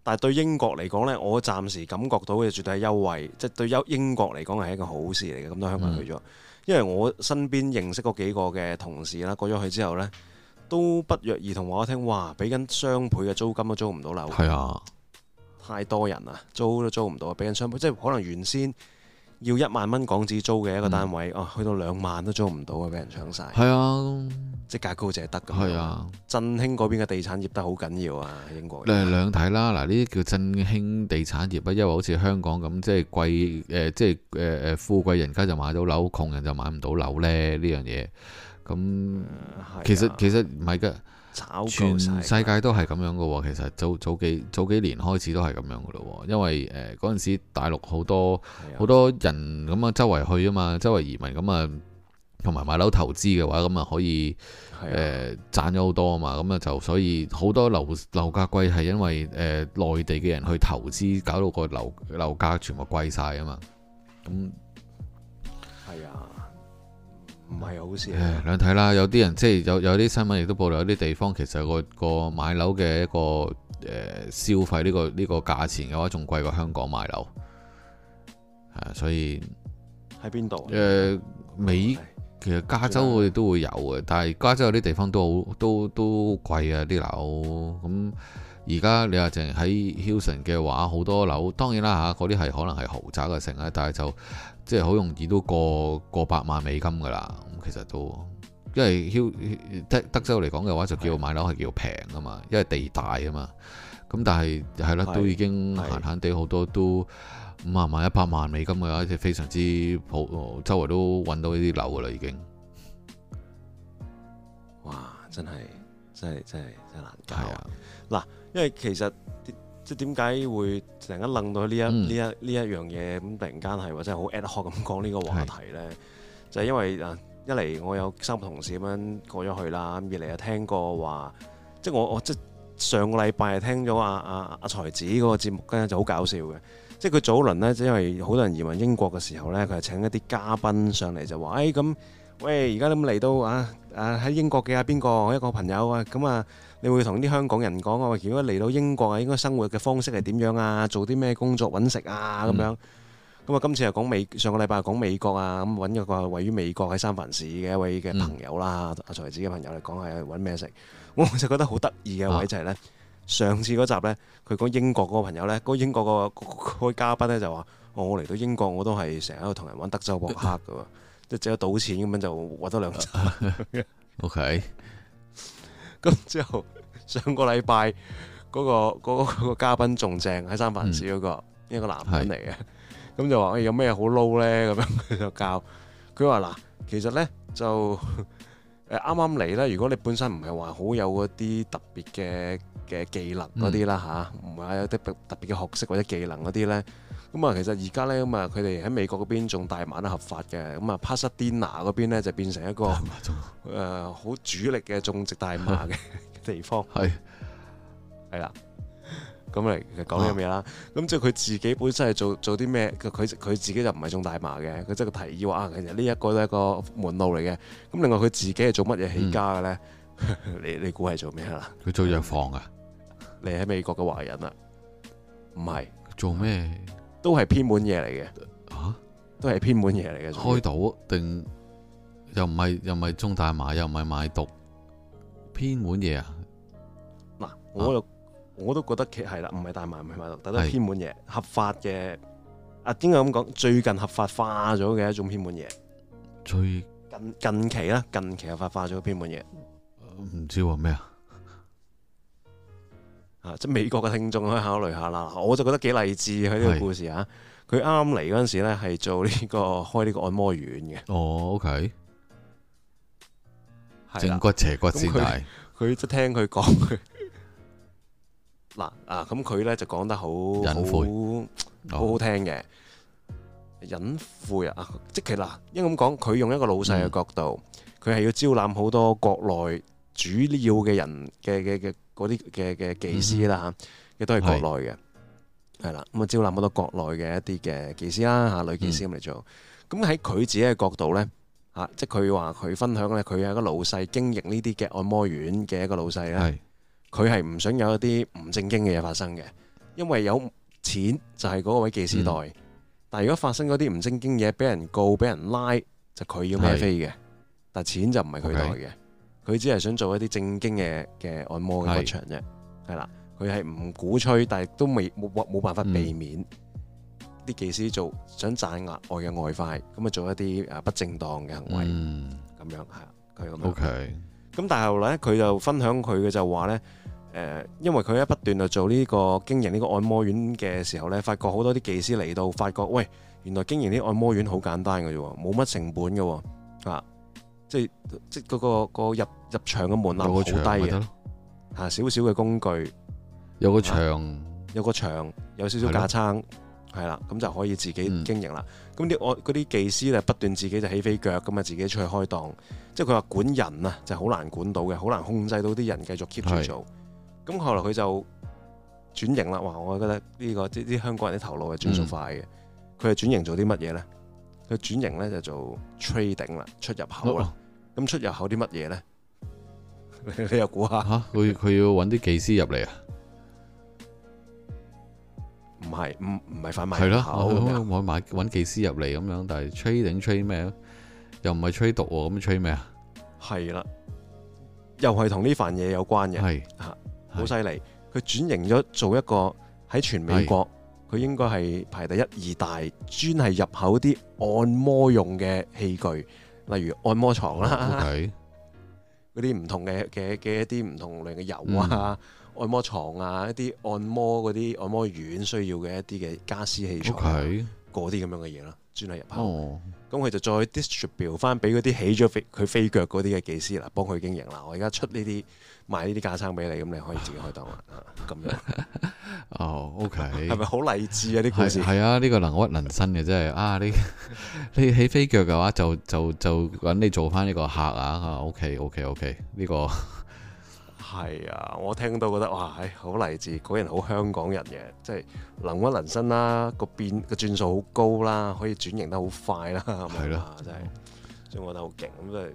但係對英國嚟講呢，我暫時感覺到嘅絕對係優惠，即、就、係、是、對英英國嚟講係一個好事嚟嘅。咁多香港去咗，嗯、因為我身邊認識嗰幾個嘅同事啦，過咗去之後呢。都不約而同話我聽，哇！俾緊雙倍嘅租金都租唔到樓。係啊，太多人啊，租都租唔到，俾緊雙倍，即係可能原先要一萬蚊港紙租嘅一個單位，哦、嗯啊，去到兩萬都租唔到啊，俾人搶晒。係啊，即係價高者得㗎嘛。啊，振興嗰邊嘅地產業得好緊要啊，英國。兩睇啦，嗱呢啲叫振興地產業啊，因為好似香港咁，即係貴，誒、呃，即係誒誒，富貴人家就買到樓，窮人就買唔到樓咧，呢樣嘢。咁、嗯啊，其實其實唔係嘅，世全世界都係咁樣嘅，其實早早幾早幾年開始都係咁樣嘅咯，因為誒陣、呃、時大陸好多好、啊、多人咁啊周圍去啊嘛，周圍移民咁啊，同埋買樓投資嘅話咁啊可以誒賺咗好多啊嘛，咁啊就所以好多樓樓價貴係因為誒內、呃、地嘅人去投資搞到個樓樓價全部貴晒啊嘛，咁係啊。唔係好事。兩睇啦，有啲人即係有有啲新聞亦都報道，有啲地方其實、個個買樓嘅一個誒、呃、消費呢個呢個價錢嘅話，仲貴過香港買樓啊。所以喺邊度？誒，呃、美其實加州都會有嘅，的但係加州有啲地方都好都都貴啊啲樓。咁而家你話淨係喺 Houston 嘅話，好多樓當然啦嚇，嗰啲係可能係豪宅嘅城，咧，但係就。即係好容易都過過百萬美金噶啦，咁其實都，因為德德州嚟講嘅話就叫買樓係叫平噶嘛，的因為地大啊嘛，咁但係係啦，的都已經閒閒地好多的都五萬萬一百萬美金嘅話，即係非常之普，周圍都揾到呢啲樓噶啦，已經。哇！真係真係真係真係難教。係啊的，嗱，因為其實。即係點解會突然間楞到呢一呢一呢一樣嘢咁突然間係或者好 ad hoc 咁講呢個話題咧？就係因為一嚟我有三個同事咁樣過咗去啦，二嚟又聽過話，即係我我即係上個禮拜係聽咗阿阿阿才子嗰個節目咧，跟住就好搞笑嘅。即係佢早輪咧，即係因為好多人移民英國嘅時候咧，佢係請一啲嘉賓上嚟就話：，誒咁，喂，而家咁嚟到啊，誒喺英國嘅啊邊個一個朋友啊，咁啊。你會同啲香港人講啊？如果嚟到英國啊，應該生活嘅方式係點樣啊？做啲咩工作揾食啊？咁樣咁啊！嗯、今次又講美，上個禮拜講美國啊！咁揾一個位於美國喺三藩市嘅一位嘅朋友啦，阿財、嗯啊、子嘅朋友嚟講係揾咩食？我就覺得好得意嘅位就係呢。上次嗰集呢，佢講英國嗰個朋友呢，嗰、啊、英國個個嘉賓呢，就話：，我嚟到英國我都係成日喺度同人玩德州撲克嘅，即係、呃、只係賭錢咁樣就揾多兩。O K、啊。 okay. 咁之後，上個禮拜嗰、嗰個嗰個嗰個嘉賓仲正喺三藩市嗰、嗰個，嗯、一個男人嚟嘅。咁是 就話：，哎、欸，有咩好撈咧？咁樣佢就教佢話：嗱，其實咧就誒啱啱嚟咧。如果你本身唔係話好有嗰啲特別嘅嘅技能嗰啲啦嚇，唔係話有啲特特別嘅學識或者技能嗰啲咧。咁啊，其實而家咧咁啊，佢哋喺美國嗰邊種大麻都合法嘅。咁啊 Pasadena 嗰邊咧就變成一個誒好、呃、主力嘅種植大麻嘅地方。係係啦，咁嚟講呢咩啦。咁即係佢自己本身係做做啲咩？佢佢自己就唔係種大麻嘅。佢即係提議話其實呢一個都係個門路嚟嘅。咁另外佢自己係做乜嘢起家嘅咧、嗯？ 你你估係做咩啦？佢做藥房噶、嗯。你喺美國嘅華人啊？唔係。做咩？都係偏門嘢嚟嘅，嚇、啊，都係偏門嘢嚟嘅。開到定又唔係又唔係中大麻又唔係買毒，偏門嘢啊！嗱、啊，我都我都覺得其係啦，唔係大麻唔係買毒，但都係偏門嘢，是合法嘅。啊，點解咁講？最近合法化咗嘅一種偏門嘢。最近近期啦，近期合法化咗嘅偏門嘢。唔知話咩啊？即係美國嘅聽眾可以考慮下啦，我就覺得幾勵志佢呢個故事啊！佢啱啱嚟嗰陣時咧、這個，係做呢個開呢個按摩院嘅。哦，O、okay、K，的正骨斜骨之類，佢即係聽佢講佢嗱啊，咁佢咧就講得悔好好好、哦、好聽嘅，隱晦啊！即係嗱，因為咁講，佢用一個老細嘅角度，佢係、嗯、要招攬好多國內主要嘅人嘅嘅嘅。嗰啲嘅嘅技師啦嚇，亦都係國內嘅，係啦，咁啊招攬好多國內嘅一啲嘅技師啦嚇，女、啊、技師咁嚟做。咁喺佢自己嘅角度咧嚇、啊，即係佢話佢分享咧，佢係一個老細經營呢啲嘅按摩院嘅一個老細啦。佢係唔想有一啲唔正經嘅嘢發生嘅，因為有錢就係嗰位技師袋。嗯、但係如果發生嗰啲唔正經嘢，俾人告俾人拉，就佢要買飛嘅。係是，但錢就唔係佢袋嘅。Okay. 佢只係想做一啲正經嘅嘅按摩嘅場啫，係啦，佢係唔鼓吹，但係都未冇冇辦法避免啲技師做想賺額外嘅外快，咁啊做一啲誒不正當嘅行為，咁樣係佢咁樣。OK，咁但係後嚟佢就分享佢嘅就話咧，誒，因為佢一不斷就做呢個經營呢個按摩院嘅時候咧，發覺好多啲技師嚟到，發覺喂，原來經營啲按摩院好簡單㗎啫，冇乜成本嘅喎啊！即係即係、那、嗰、個那個入入場嘅門檻好個低嘅，嚇少少嘅工具，有個場、啊，有個場，有少少架撐，係啦，咁就可以自己經營啦。咁啲我嗰啲技師就不斷自己就起飛腳，咁啊自己出去開檔。即係佢話管人啊，就好、是、難管到嘅，好難控制到啲人繼續 keep 住做。咁的後來佢就轉型啦。哇！我覺得呢、這個即啲香港人啲頭腦係轉數快嘅。佢係、嗯、轉型做啲乜嘢咧？佢轉型咧就做 trading 啦，出入口咯。咁、uh oh. 出入口啲乜嘢咧？ 你又估下？嚇、啊！佢佢要揾啲技師入嚟啊！唔係唔唔係販賣出口咯，的麼我買揾技師入嚟咁樣，但係 trading trade 咩啊？又唔係 trade 獨喎，咁 trade 咩啊？係啦，又係同呢份嘢有關嘅。係嚇，好犀利！佢轉型咗做一個喺全美國。應該係排第一二大，專係入口啲按摩用嘅器具，例如按摩床啦，嗰啲唔同嘅嘅嘅一啲唔同類嘅油啊、嗯，按摩床啊，一啲按摩嗰啲按摩院需要嘅一啲嘅家私器材，嗰啲咁樣嘅嘢咯，專係入口。咁佢、oh. 就再 distribute 翻俾嗰啲起咗佢飛腳嗰啲嘅技師啦，幫佢經營啦。我而家出呢啲。買呢啲架撐俾你，咁你可以自己開檔啦，咁樣哦，OK，係咪好勵志啊？啲故事係啊，呢個能屈能伸嘅真係啊，你 你起飛腳嘅話就就就搵你做返呢個客啊，OK OK OK，呢、這個係啊，我聽到覺得哇，唉、哎，好勵志，嗰人好香港人嘅，即係能屈能伸啦，個變個轉數好高啦，可以轉型得好快啦，係咯吧、啊，真係。 我覺得好勁咁啊！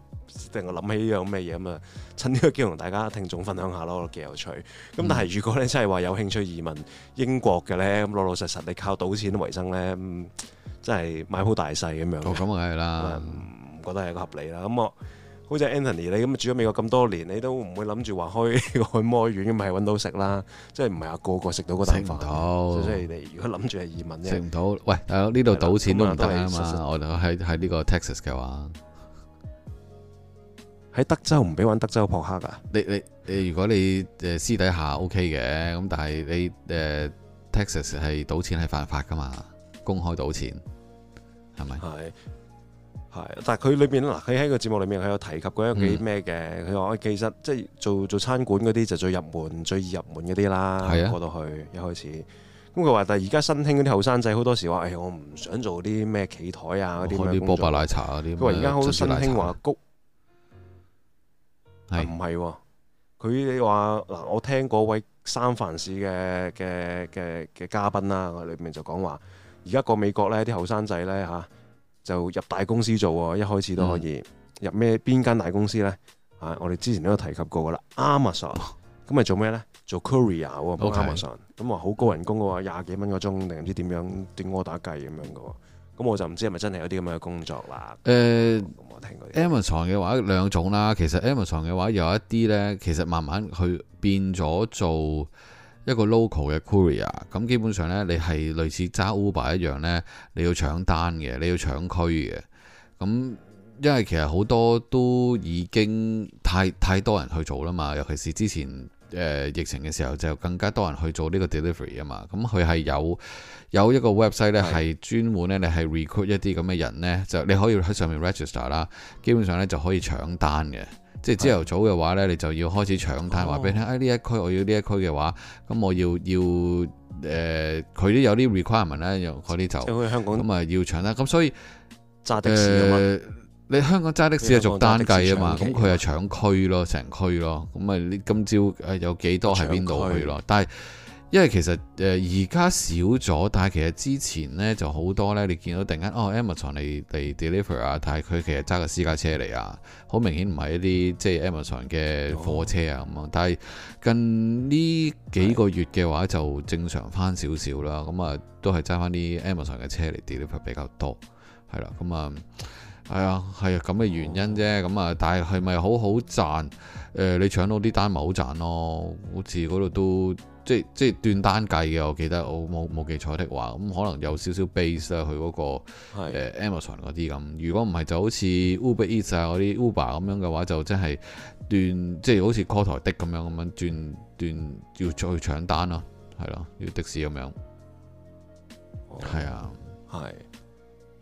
令我諗起呢樣咩嘢咁啊？趁呢個機會同大家聽眾分享下咯，幾有趣。咁但係如果你真係話有興趣移民英國嘅咧，咁老老實實你靠賭錢為生咧，真係買好大細咁樣。咁啊，梗係啦，唔覺得係一個合理啦。咁我好似 Anthony 你咁住咗美國咁多年，你都唔會諗住話開按摩院咁，咪係揾到食啦。即係唔係話個個食到嗰啖飯？食唔到。即係你如果諗住係移民，食唔到。喂，大佬呢度賭錢都唔得啊嘛！實我我喺喺呢個 Texas 嘅話。喺德州唔俾玩德州撲克噶。你你你，如果你誒私底下 O K 嘅，咁、OK、但係你誒、呃、Texas 係賭錢係犯法噶嘛？公開賭錢係咪？係係，但係佢裏邊啦，佢喺個節目裏面佢有提及過一個幾咩嘅。佢話、嗯：，其實即係做做餐館嗰啲就最入門、嗯、最易入門嗰啲啦。啊、過到去一開始，咁佢話，但係而家新興嗰啲後生仔好多時話：，誒、哎、我唔想做啲咩企台啊，嗰啲波霸奶茶啊，嗰啲咩新興華谷。唔係喎，佢你話嗱，我聽嗰位三藩市嘅嘅嘅嘅嘉賓啦，我裏面就講話，而家個美國咧啲後生仔咧嚇，就入大公司做喎，一開始都可以、嗯、入咩邊間大公司咧？啊，我哋之前都有提及過噶啦，Amazon 咁係 做咩咧？做 Courier，Amazon 咁啊 Okay .，好高人工嘅喎，廿幾蚊個鐘定唔知點樣斷我打雞咁樣嘅喎，咁我就唔知係咪真係有啲咁樣嘅工作啦。誒、呃。Amazon 嘅話兩種啦，其實 Amazon 嘅話有一啲呢，其實慢慢佢變咗做一個 local 嘅 courier，咁、嗯、基本上呢，你係類似揸 Uber 一樣呢，你要搶單嘅，你要搶區嘅，咁、嗯、因為其實好多都已經太太多人去做啦嘛，尤其是之前。誒、呃、疫情嘅時候就更加多人去做呢個 delivery 啊嘛，咁佢係有有一個 website 呢係專門呢，的你係 recruit 一啲咁嘅人呢就你可以喺上面 register 啦，基本上呢就可以搶單嘅，即係朝頭早嘅話呢，的你就要開始搶單，話俾你聽啊呢一區我要呢一區嘅話，咁我要要誒佢，呃、都有啲 requirement 呢，有嗰啲就咁啊要搶啦，咁所以揸的士啊嘛。呃你香港揸的士係逐單計啊嘛，咁佢係搶區咯，成區咯，咁啊，你今朝誒有幾多喺邊度去咯？期但係因為其實誒而家少咗，但係其實之前呢就好多呢。你見到突然間哦，Amazon 嚟 deliver 啊，但係佢其實揸個私家車嚟啊，好明顯唔係一啲即係 Amazon 嘅貨車啊咁啊，哦、但係近呢幾個月嘅話就正常翻少少啦，咁啊是、嗯、都係揸翻啲 Amazon 嘅車嚟 deliver 比較多，係啦，咁、嗯、啊。嗯係啊，係啊、哎，咁嘅原因啫。咁啊，但係係咪好好賺？誒、呃，你搶到啲單咪好賺咯？好似嗰度都即即斷單計嘅，我記得我冇冇記錯的話，咁、嗯、可能有少少 base 咧、嗰個，佢嗰個誒 Amazon 嗰啲咁。如果唔係，就好似 Uber Eats 啊嗰啲 Uber 咁樣嘅話，就真係斷，即係好似 call 台的咁樣咁樣斷斷要再去搶單咯、啊，係咯，要的士咁樣。係啊，係，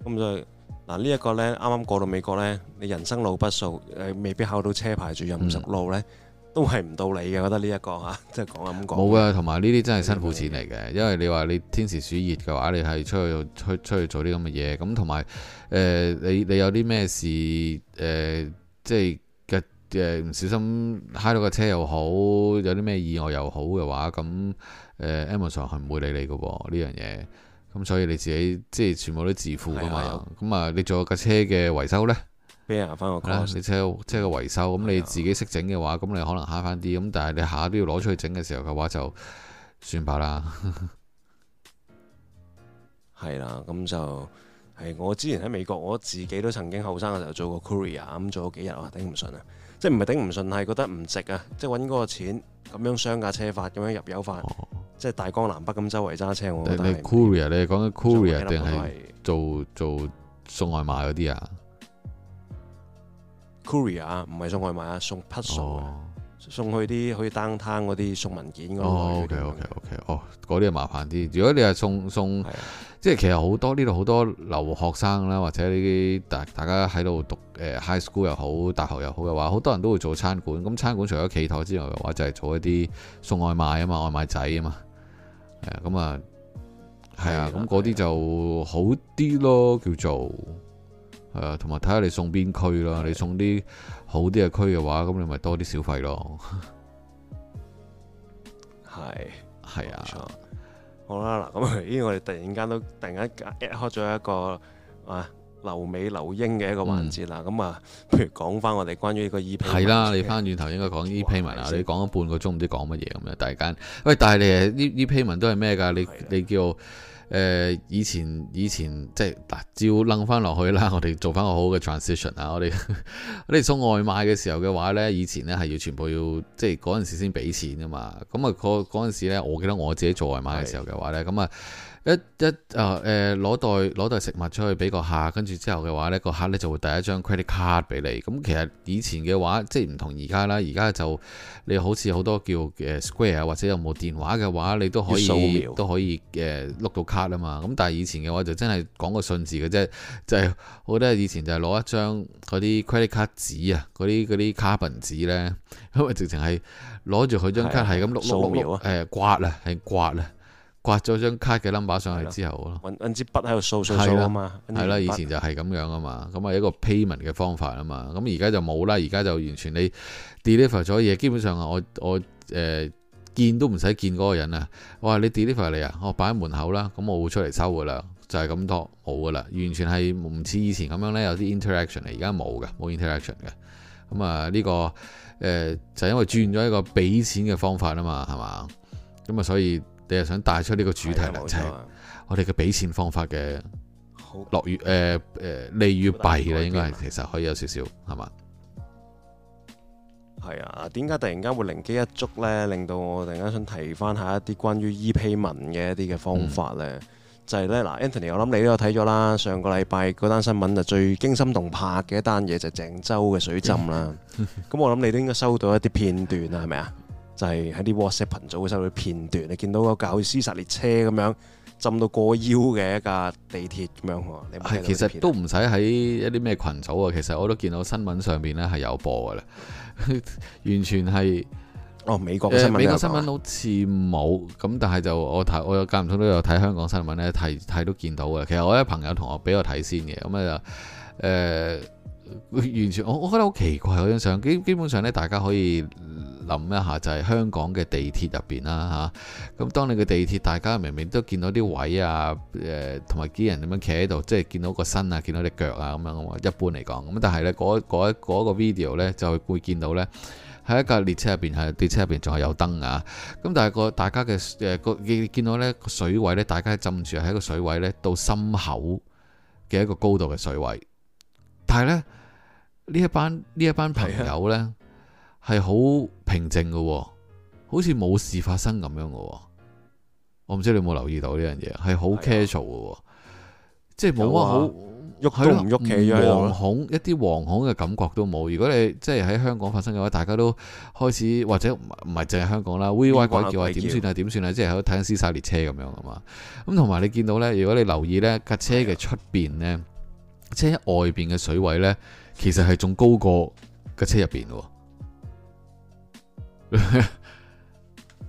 咁所以。嗱呢一個呢，啱啱過到美國呢，你人生路不熟，誒、呃、未必考到車牌主任熟路呢，嗯、都係唔到你嘅。我覺得呢、這、一個嚇，即係講咁講。冇啊，同埋呢啲真係辛苦錢嚟嘅，因為你話你天時暑熱嘅話，你係出去出去出去做啲咁嘅嘢，咁同埋誒你你有啲咩事誒、呃，即係嘅唔小心揩到個車又好，有啲咩意外又好嘅話，咁誒 Amazon 係唔會理你嘅喎呢樣嘢。咁所以你自己即係全部都自負噶嘛，咁啊的，你仲有架車嘅維修呢？咩啊？翻個缸，你車即係個維修，咁你自己識整嘅話，咁的你可能慳翻啲，咁但係你下下都要攞出去整嘅時候嘅話，就算罷啦。係 啦，咁就係我之前喺美國，我自己都曾經後生嘅時候做過，過 Courier，咁做咗幾日啊，頂唔順啊。即係唔係頂唔順，係覺得唔值啊！即係揾嗰個錢咁樣雙架車法咁樣入油法，哦、即係大江南北咁周圍揸車喎。我覺得你 Courier，你係講緊 Courier 定係做做送外賣嗰啲啊？Courier 唔係送外賣啊，送 Puzzle。送去啲可以 down town 嗰啲送文件嗰個。哦，OK，OK，OK，哦，嗰啲啊麻煩啲。如果你係送送，送是的 即係其實好多呢度好多留學生啦，或者呢啲大大家喺度讀誒、呃、high school 又好，大學又好嘅話，好多人都會做餐館。咁餐館除咗企枱之外嘅話，就係做一啲送外賣啊嘛，外賣仔啊嘛。係、yeah, 啊，咁啊的，係啊的，咁嗰啲就好啲咯，叫做誒，同埋睇下你送邊區啦，你送啲。好啲嘅區嘅話，咁你咪多啲消費咯。係 係是啊，好啦，嗱，咁啊，依我哋突然間都突然間開咗一個啊，留美留英嘅一個環節啦。咁、嗯 e、啊，不如講翻我哋關於呢個 e payment 係啦，你翻轉頭應該講 e payment 啊，你講咗半個鐘唔知講乜嘢咁樣，然家喂，但係你誒呢 e payment 都係咩噶？你你叫誒，以前以前即係嗱，照掕翻落去啦，我哋做翻個好嘅 transition 啊！ 我哋我送外賣嘅時候嘅話呢，以前咧係要全部要即係嗰陣時先畀錢㗎嘛，咁啊嗰嗰陣時咧，我記得我自己做外賣嘅時候嘅話呢。咁啊～一一啊誒攞袋攞袋食物出去俾個客，跟住之後嘅話咧，個客咧就會第一張 credit card 俾你。咁其實以前嘅話，即係唔同而家啦。而家就你好似好多叫 square 或者有冇電話嘅話，你可都可以都可以誒碌到卡 a 啊嘛。咁但係以前嘅話就真係講個信字嘅啫，就係、係、我覺得以前就係攞一張嗰啲 credit card 紙啊，嗰啲嗰啲 carbon 紙咧，因為直情係攞住佢張卡 a 係咁碌碌碌誒刮啊，係刮啊！瞄刮咗張卡嘅 number 上去之後咯，揾支筆喺度掃掃數啊嘛，係啦，以前就係咁樣啊嘛，咁啊 一個 payment 嘅方法啊嘛，咁而家就冇啦，而家就完全你 deliver 咗嘢，基本上我我誒、呃、見都唔使見嗰個人啊，哇你 deliver 你啊，我擺喺門口啦，咁我會出嚟收噶啦，就係咁多冇噶啦，完全係唔似以前咁樣咧，有啲 interaction 啊，而家冇嘅，冇 interaction 嘅，咁啊呢個誒、呃、就是、因為轉咗一個俾錢嘅方法啊嘛，係嘛，咁啊所以。你又想帶出呢個主題啦，即、啊、我哋嘅畀錢方法嘅好，落雨誒誒利與弊啦，應該係其實可以有少少係嘛？係啊，點解突然間會靈機一觸咧？令到我突然間想提翻下一啲關於 e-payment 嘅一啲嘅方法咧，嗯、就係咧嗱，Anthony，我諗你都有睇咗啦，上個禮拜嗰單新聞就最驚心動魄嘅一單嘢就係、是、鄭州嘅水浸啦。咁、嗯、 我諗你都應該收到一啲片段啦，係咪啊？就係喺啲 WhatsApp 羣組嘅時候啲片段，你見到個架好似失列車咁樣浸到過腰嘅一架地鐵咁樣。係，其實都唔使喺一啲咩群組啊。其實我都見到新聞上邊咧係有播嘅啦，完全係。哦，美國嘅新聞，美國新聞好似冇。咁但係就我睇，我間唔中都有睇香港新聞咧，睇睇都見到嘅。其實我有啲朋友同學俾我睇先嘅，咁啊就誒完全，我我覺得好奇怪嗰張相。基基本上咧，大家可以。諗一下就係、是、香港嘅地鐵入邊啦嚇，咁、啊、當你嘅地鐵，大家明明都見到啲位啊，誒同埋啲人咁樣企喺度，即係見到個身啊，見到隻腳啊咁樣，一般嚟講，咁但係呢嗰嗰、那個那個那個 video 呢，就會見到呢喺一架列車入邊，係列車入邊仲係有燈啊。咁但係個大家嘅誒、呃、個見到呢水位呢，大家浸住喺個水位呢，到心口嘅一個高度嘅水位，但係呢呢一班呢一班朋友呢。係好平靜嘅，好似冇事發生咁樣嘅。我唔知你有冇留意到呢樣嘢，係好 casual 嘅，的即係冇乜好喐都唔喐嘅，惶恐一啲惶恐嘅感覺都冇。如果你即係喺香港發生嘅話，大家都開始或者唔係淨係香港啦，烏烏鬼叫啊，點算啊，點算啊，即係喺度睇緊屍殺列車咁樣㗎嘛。咁同埋你見到呢，如果你留意呢，架車嘅出邊呢，車外邊嘅水位呢，其實係仲高過架車入邊嘅。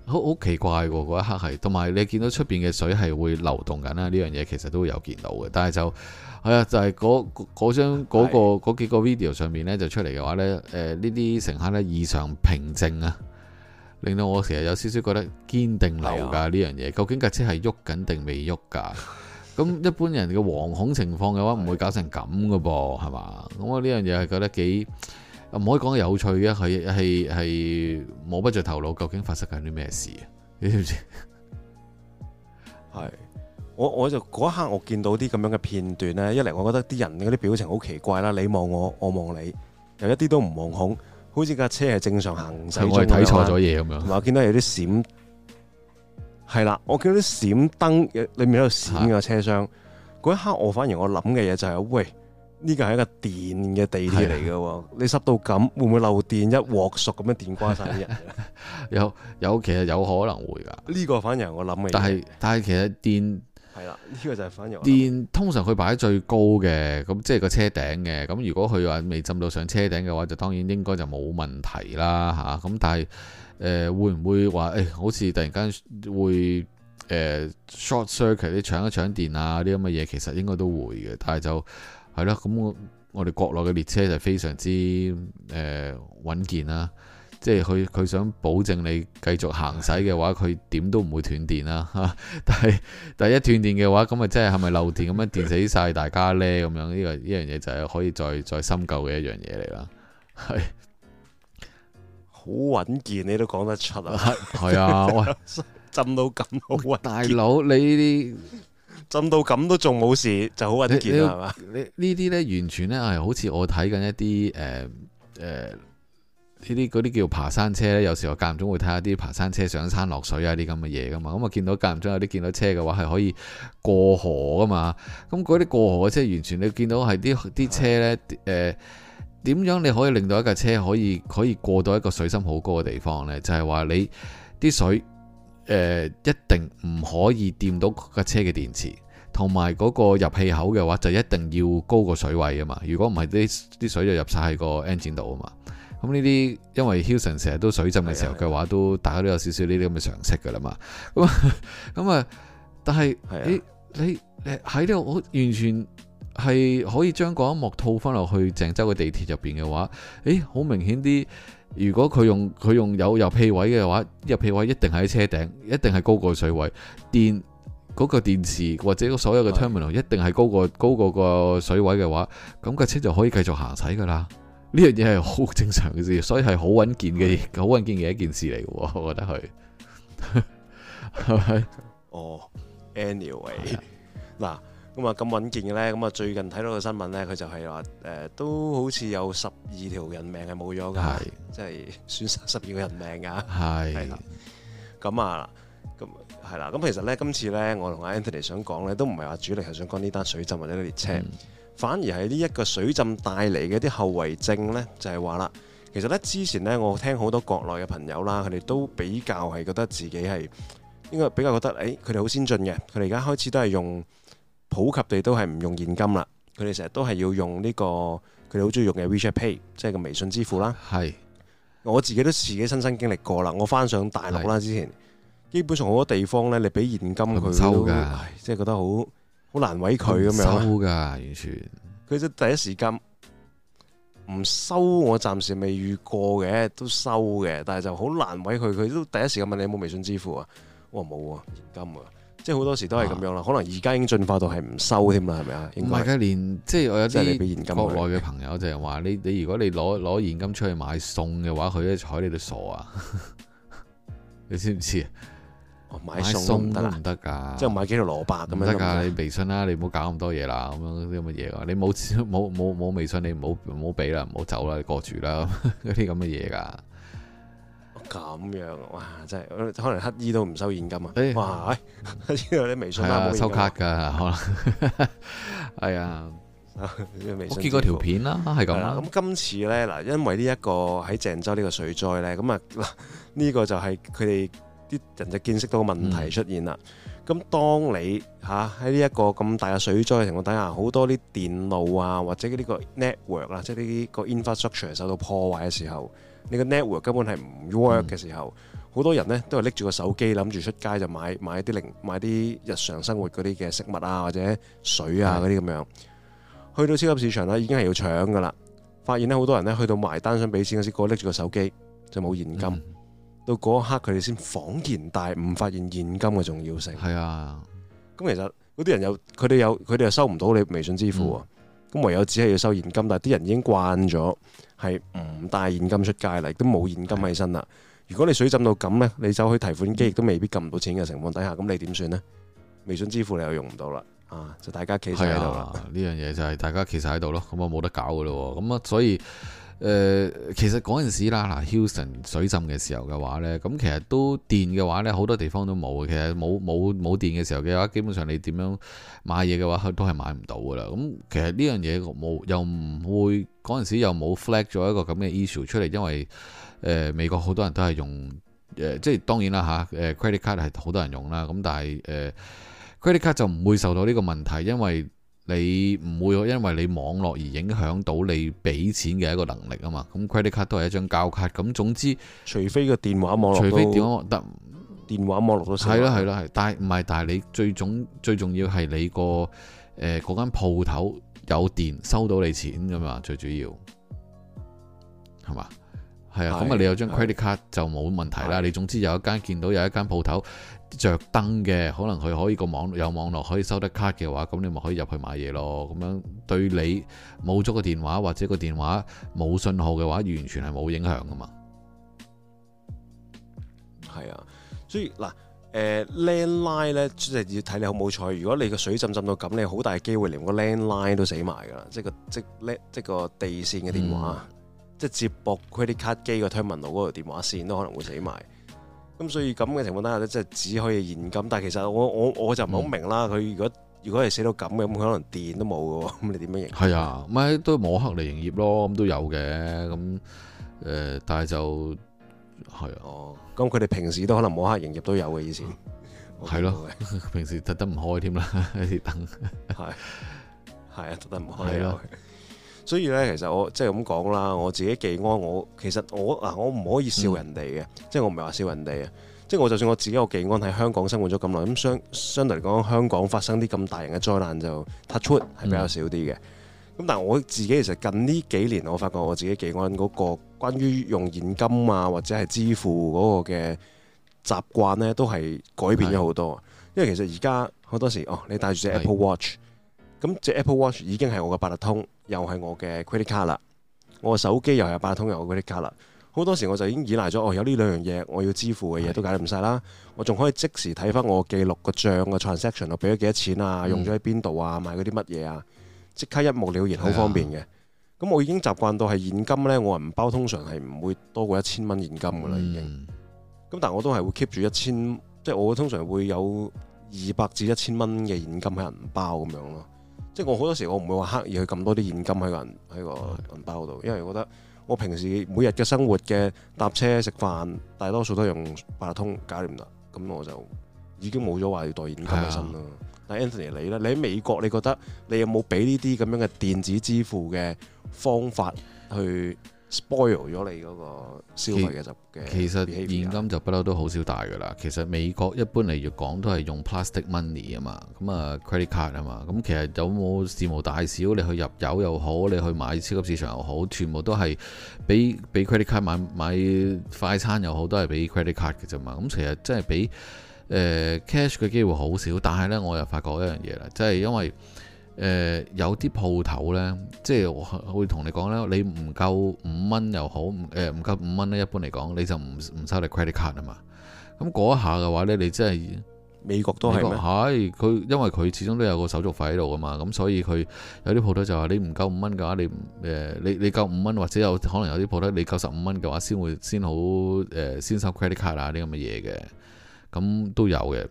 好好 奇怪喎！嗰一刻係，同埋你見到出邊嘅水係會流動緊啦。呢樣嘢其實都有見到嘅，但係就係啊、哎，就係嗰嗰張嗰、嗰個嗰幾個 video 上面呢，就出嚟嘅話呢，誒呢啲乘客呢異常平靜啊，令到我成日有少少覺得堅定流噶呢樣嘢。究竟架車係喐緊定未喐噶？咁 一般人嘅惶恐情況嘅話，唔會搞成咁噶噃，係嘛是？咁我呢樣嘢係覺得幾。唔可以講有趣嘅，係係係摸不着頭腦，究竟發生緊啲咩事啊？你知唔知？係我我，就嗰一刻我見到啲咁樣嘅片段咧，一嚟我覺得啲人嗰啲表情好奇怪啦，你望我，我望你，又一啲都唔惶恐，好似架車係正常行駛咁樣。我睇錯咗嘢，咁樣，我見到有啲閃，係啦， 我見到啲閃燈，誒，裏面喺度閃嘅車廂，嗰一刻我反而我諗嘅嘢就係，喂。呢個係一個電嘅地鐵嚟嘅喎，的你濕到咁會唔會漏電？一鑊熟咁樣電關晒啲人？ 有有其實有可能會㗎。呢個反而係我諗嘅。但係但係其實電係啦，呢、這個就係反而電通常佢擺喺最高嘅，咁即係個車頂嘅。咁如果佢話未浸到上車頂嘅話，就當然應該就冇問題啦嚇。咁、啊、但係誒、呃、會唔會話誒、欸、好似突然間會誒、呃、short circuit 你搶一搶電啊啲咁嘅嘢，其實應該都會嘅，但係就。係咯，咁、嗯嗯、我我哋國內嘅列車就非常之誒、呃、穩健啦、啊，即係佢佢想保證你繼續行駛嘅話，佢點都唔會斷電啦、啊、但係但係一斷電嘅話，咁咪即係係咪漏電咁樣電死晒大家呢？咁樣呢個呢樣嘢就係可以再再深究嘅一樣嘢嚟啦。係，好穩健你都講得出啊！係、 嗯、啊， 浸到咁好穩健，大佬你。浸到咁都仲冇事就好揾啲件係嘛？呢啲呢完全呢係好似我睇緊一啲誒誒呢啲啲叫爬山車呢，有時我間唔中會睇下啲爬山車上山落水啊啲咁嘅嘢噶嘛。咁、嗯、啊見到間唔中有啲見到車嘅話，係可以過河噶嘛。咁嗰啲過河嘅車，完全你見到係啲啲車呢？誒點的、呃、樣你可以令到一架車可以可以過到一個水深好高嘅地方呢？就係、是、話你啲水。誒、呃，一定唔可以掂到架車嘅電池，同埋嗰個入氣口嘅話，就一定要高過水位啊嘛。如果唔係，啲啲水就入晒喺個 engine 度啊嘛。咁呢啲因為 Hilton 成日都水浸嘅時候嘅話，都大家都有少少呢啲咁嘅常識噶啦嘛。咁咁啊，但係誒的、欸，你誒喺呢度好完全係可以將嗰一幕套翻落去鄭州嘅地鐵入邊嘅話，誒、欸，好明顯啲。如果佢用佢用有入氣位嘅話，入氣位一定喺車頂，一定係高過水位。電嗰個電池或者所有嘅 terminal 一定係高過 Right. 高過個水位嘅話，咁架車就可以繼續行駛噶啦。呢樣嘢係好正常嘅事，所以係好穩健嘅好穩健嘅一件事嚟嘅。我覺得佢係咪？哦，anyway，嗱。咁啊咁穩健嘅咧，咁啊最近睇到個新聞咧，佢就係話誒，都好似有十二條人命係冇咗㗎，是即係損失十二個人命㗎。係啦是，咁啊，咁係啦，咁其實咧，今次咧，我同 Anthony 想講咧，都唔係話主力係想講呢單水浸或者列車，嗯、反而係呢一個水浸帶嚟嘅啲後遺症咧，就係話啦，其實咧之前咧，我聽好多國內嘅朋友啦，佢哋都比較係覺得自己係應該比較覺得誒，佢哋好先進嘅，佢哋而家開始都係用。普及地都係唔用現金啦，佢哋成日都係要用呢、呢個，佢哋好中意用嘅 WeChat Pay，即係個微信支付啦。係是，我自己都自己親身，身經歷過啦，我翻上大陸啦之前，是基本上好多地方咧，你俾現金佢收都，收即係覺得好好難為佢咁樣收噶完全。佢就第一時間唔收，我暫時未遇過嘅，都收嘅，但係就好難為佢，佢都第一時間問你有冇微信支付啊？我話冇喎，現金啊。即係好多時都係咁樣啦，啊、可能而家已經進化到係唔收添啦，係咪啊？唔係嘅，連即係我有啲現金，國內嘅朋友就係話：你你如果你攞攞現金出去買餸嘅話，佢咧睬你都傻啊！你知唔知、哦、啊？買餸得唔得㗎？即係買幾條蘿蔔唔得㗎？啊、你微信啦、啊，你唔好搞咁多嘢啦、啊。咁樣啲乜嘢你冇冇冇冇微信你，你唔好唔好俾啦，唔好走啦，過住啦，嗰啲咁嘅嘢㗎。咁樣哇，真係可能乞衣都唔收現金啊！哇，黐鬼啲微信冇收卡㗎，可能係啊，微信啊。我見過條片啦，係咁啦。咁今次呢，嗱，因為呢一個喺鄭州呢個水災呢，咁啊，呢個就係佢哋啲人就見識到個問題出現啦。咁、嗯、當你嚇喺呢一個咁大嘅水災嘅情況底下，好多啲電路啊，或者呢個 network 啊，即係呢啲個 infrastructure 受到破壞嘅時候。你個 network 根本係唔 work 嘅時候，好、嗯、多人呢都係拎住個手機，諗住出街就買買啲零買啲日常生活嗰啲嘅食物啊或者水啊嗰啲咁樣，嗯、去到超級市場啦，已經係要搶㗎喇。發現呢，好多人呢去到埋單想俾錢嗰時，個拎住個手機就冇現金。嗯、到嗰一刻佢哋先恍然大悟，發現現金嘅重要性。係啊、嗯，咁其實嗰啲人又佢哋又佢哋又收唔到你微信支付，咁、嗯、唯有只係要收現金。但係啲人已經慣咗係、嗯嗯唔帶現金出街啦，亦都冇現金喺身啦。如果你水浸到咁咧，你走去提款機亦都未必撳到錢嘅情況底下，咁你點算呢？微信支付你又用唔到啦。啊，就大家企實喺度。係啊，呢樣嘢就係大家企實喺度咯。咁啊冇得搞嘅咯。咁啊，所以。誒、呃、其實嗰陣時啦，嗱 Houston 水浸嘅時候嘅話呢，咁其實都電嘅話呢，好多地方都冇嘅。其實冇冇冇電嘅時候嘅話，基本上你點樣買嘢嘅話，佢都係買唔到噶啦。咁、嗯、其實呢樣嘢冇又唔會嗰陣時又冇 flag 咗一個咁嘅 issue 出嚟，因為誒、呃、美國好多人都係用誒、呃，即係當然啦吓，誒、呃、credit card 係好多人用啦。咁但係誒、呃、credit card 就唔會受到呢個問題，因為你唔會因為你網絡而影響到你俾錢嘅一個能力啊嘛，咁 credit card 都係一張膠卡，咁總之，除非個電話網絡，除非電話得電話網絡都，係啦係啦係，但係唔係，但係你最總最重要係你個誒嗰、呃、間鋪頭有電收到你錢噶嘛，最主要係嘛係啊，咁啊的你有張 credit card 的就冇問題啦，的你總之有一間見到有一間鋪頭。着燈嘅，可能佢可以個網有網絡可以收得卡嘅話，咁你咪可以入去買嘢咯。咁樣對你冇咗個電話或者個電話冇信號嘅話，完全係冇影響噶嘛。係啊，所以嗱，誒 landline 咧，即係要睇你好冇彩。如果你個水浸浸到咁，你好大機會連個 landline 都死埋噶啦。即個即即個地線嘅電話，嗯、即接駁 credit card 機個 terminal 嗰度電話線都可能會死埋。咁所以咁嘅情況底下咧，即係只可以現金。但係其實我我我就唔好明啦。佢、嗯、如果如果係死到咁嘅，咁佢可能電都冇㗎喎。咁你點樣營業？係啊，咪都摸黑嚟營業咯。咁都有嘅。咁誒、呃，但係就係哦。咁佢哋平時都可能摸黑營業都有嘅以前。係咯、嗯啊，平時特登唔開添啦啲燈。係 係啊，特登唔開。所以咧，其實我即係咁講啦，我自己寄安，我其實我嗱，我唔可以笑人哋嘅、嗯，即係我唔係話笑人哋啊，即係我就算我自己個寄安喺香港生活咗咁耐，咁相相對嚟講，香港發生啲咁大型嘅災難就 touch wood 係比較少啲嘅。咁、嗯、但係我自己其實近呢幾年，我發覺我自己寄安嗰個關於用現金啊，或者係支付嗰個嘅習慣咧，都係改變咗好多。嗯、因為其實而家好多時，哦，你戴住隻 Apple Watch。咁即 Apple Watch 已經係我嘅八達通，又係我嘅 credit card 啦。我手機又係八達通，又我 credit card 啦。好多時我就已經依賴咗，哦，有呢兩樣嘢，我要支付嘅嘢都解決唔晒啦。的我仲可以即時睇翻我記錄個賬個 transaction，我俾咗幾多錢啊？用咗喺邊度啊？買嗰啲乜嘢啊？即、嗯、刻一目了然，好方便嘅。咁的我已經習慣到係現金呢，我銀包，通常係唔會多過一千蚊現金噶啦，已經、嗯。咁但係我都係會 keep 住一千，即係我通常會有二百至一千蚊嘅現金喺銀包咁樣咯。即係我好多時我唔會話刻意去咁多啲現金喺個喺個銀包度，因為我覺得我平時每日嘅生活嘅搭車食飯大多數都用八達通搞掂啦，咁我就已經冇咗話要袋現金嘅心咯。的但係 Anthony 你咧，你喺美國你覺得你有冇俾呢啲咁樣嘅電子支付嘅方法去？spoil 咗你嗰個消費嘅集嘅，其實現金就不嬲都好少帶噶啦。其實美國一般嚟講都係用 plastic money 啊嘛，咁啊 credit card 啊嘛。咁其實有冇事無大小，你去入油又好，你去買超級市場又好，全部都係俾俾 credit card 買買快餐又好，都係俾 credit card 嘅啫嘛。咁其實真係俾、呃、cash 嘅機會好少。但係呢，我又發覺一樣嘢啦，即係因為，誒、呃、有啲鋪頭呢，即係我會同你講咧，你唔夠五蚊又好，唔唔夠五蚊咧，一般嚟講你就唔唔收你 credit card 啊嘛。咁嗰一下嘅話呢，你真、就、係、是、美國都係國，係佢麼、哎、因為佢始終都有個手續費喺度㗎嘛。咁所以佢有啲鋪頭就話你唔夠五蚊嘅話，你誒、呃、你你夠五蚊或者有可能有啲鋪頭你夠十五蚊嘅話，先會先好誒、呃、先收 credit card 啊啲咁嘅嘢嘅，咁都有嘅。